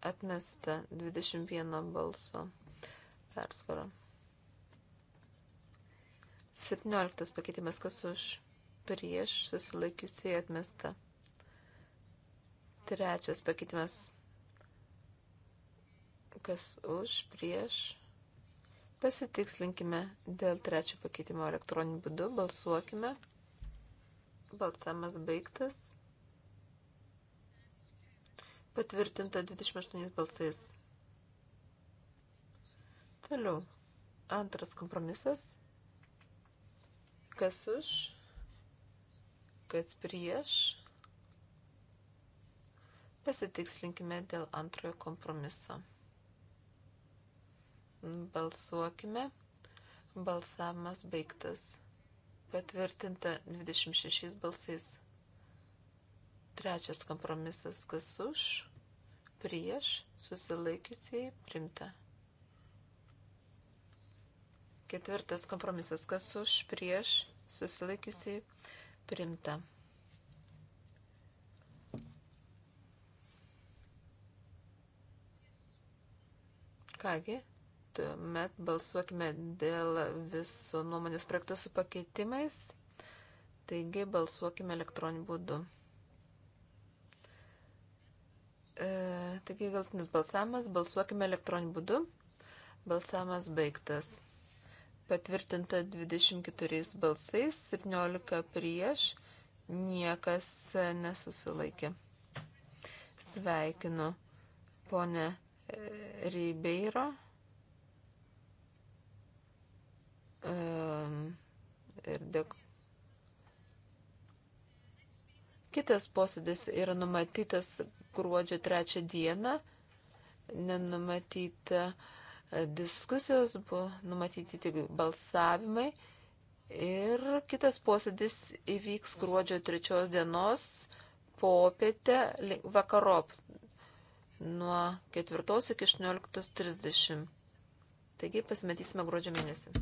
atmesta 21 balso persvara. 17 pakeitimas, kas už prieš susilaikiusiai atmesta. Trečias pakeitimas, kas už prieš. Pasitikslinkime dėl trečio pakeitimo elektroniniu būdu, balsuokime. Balsamas baigtas. Patvirtinta 28 balsais. Toliau. Antras kompromisas. Kas už, kas prieš. Pasitikslinkime dėl antrojo kompromiso. Balsuokime. Balsavimas baigtas. Patvirtinta 26 balsais. Trečias kompromisas, kas už, prieš, susilaikiusiai, primta. Ketvirtas kompromisas, kas už, prieš, susilaikiusiai, primta. Kągi, tuomet balsuokime dėl viso nuomonės projekto su pakeitimais. Taigi balsuokime elektroniniu būdu. E, taigi galtinis balsavimas, balsuokime elektroniniu būdu. Balsavimas baigtas. Patvirtinta 24 balsais, 17 prieš, niekas e, nesusilaikė. Sveikinu ponę e, Ribeiro. E, ir dėkuoju Kitas posėdis yra numatytas gruodžio trečią dieną. Nenumatyta e, diskusijos, buvo numatyti tik balsavimai. Ir kitas posėdis įvyks gruodžio trečios dienos popietę vakarop nuo 4 iki 18.30. Taigi pasimatysime gruodžio mėnesį.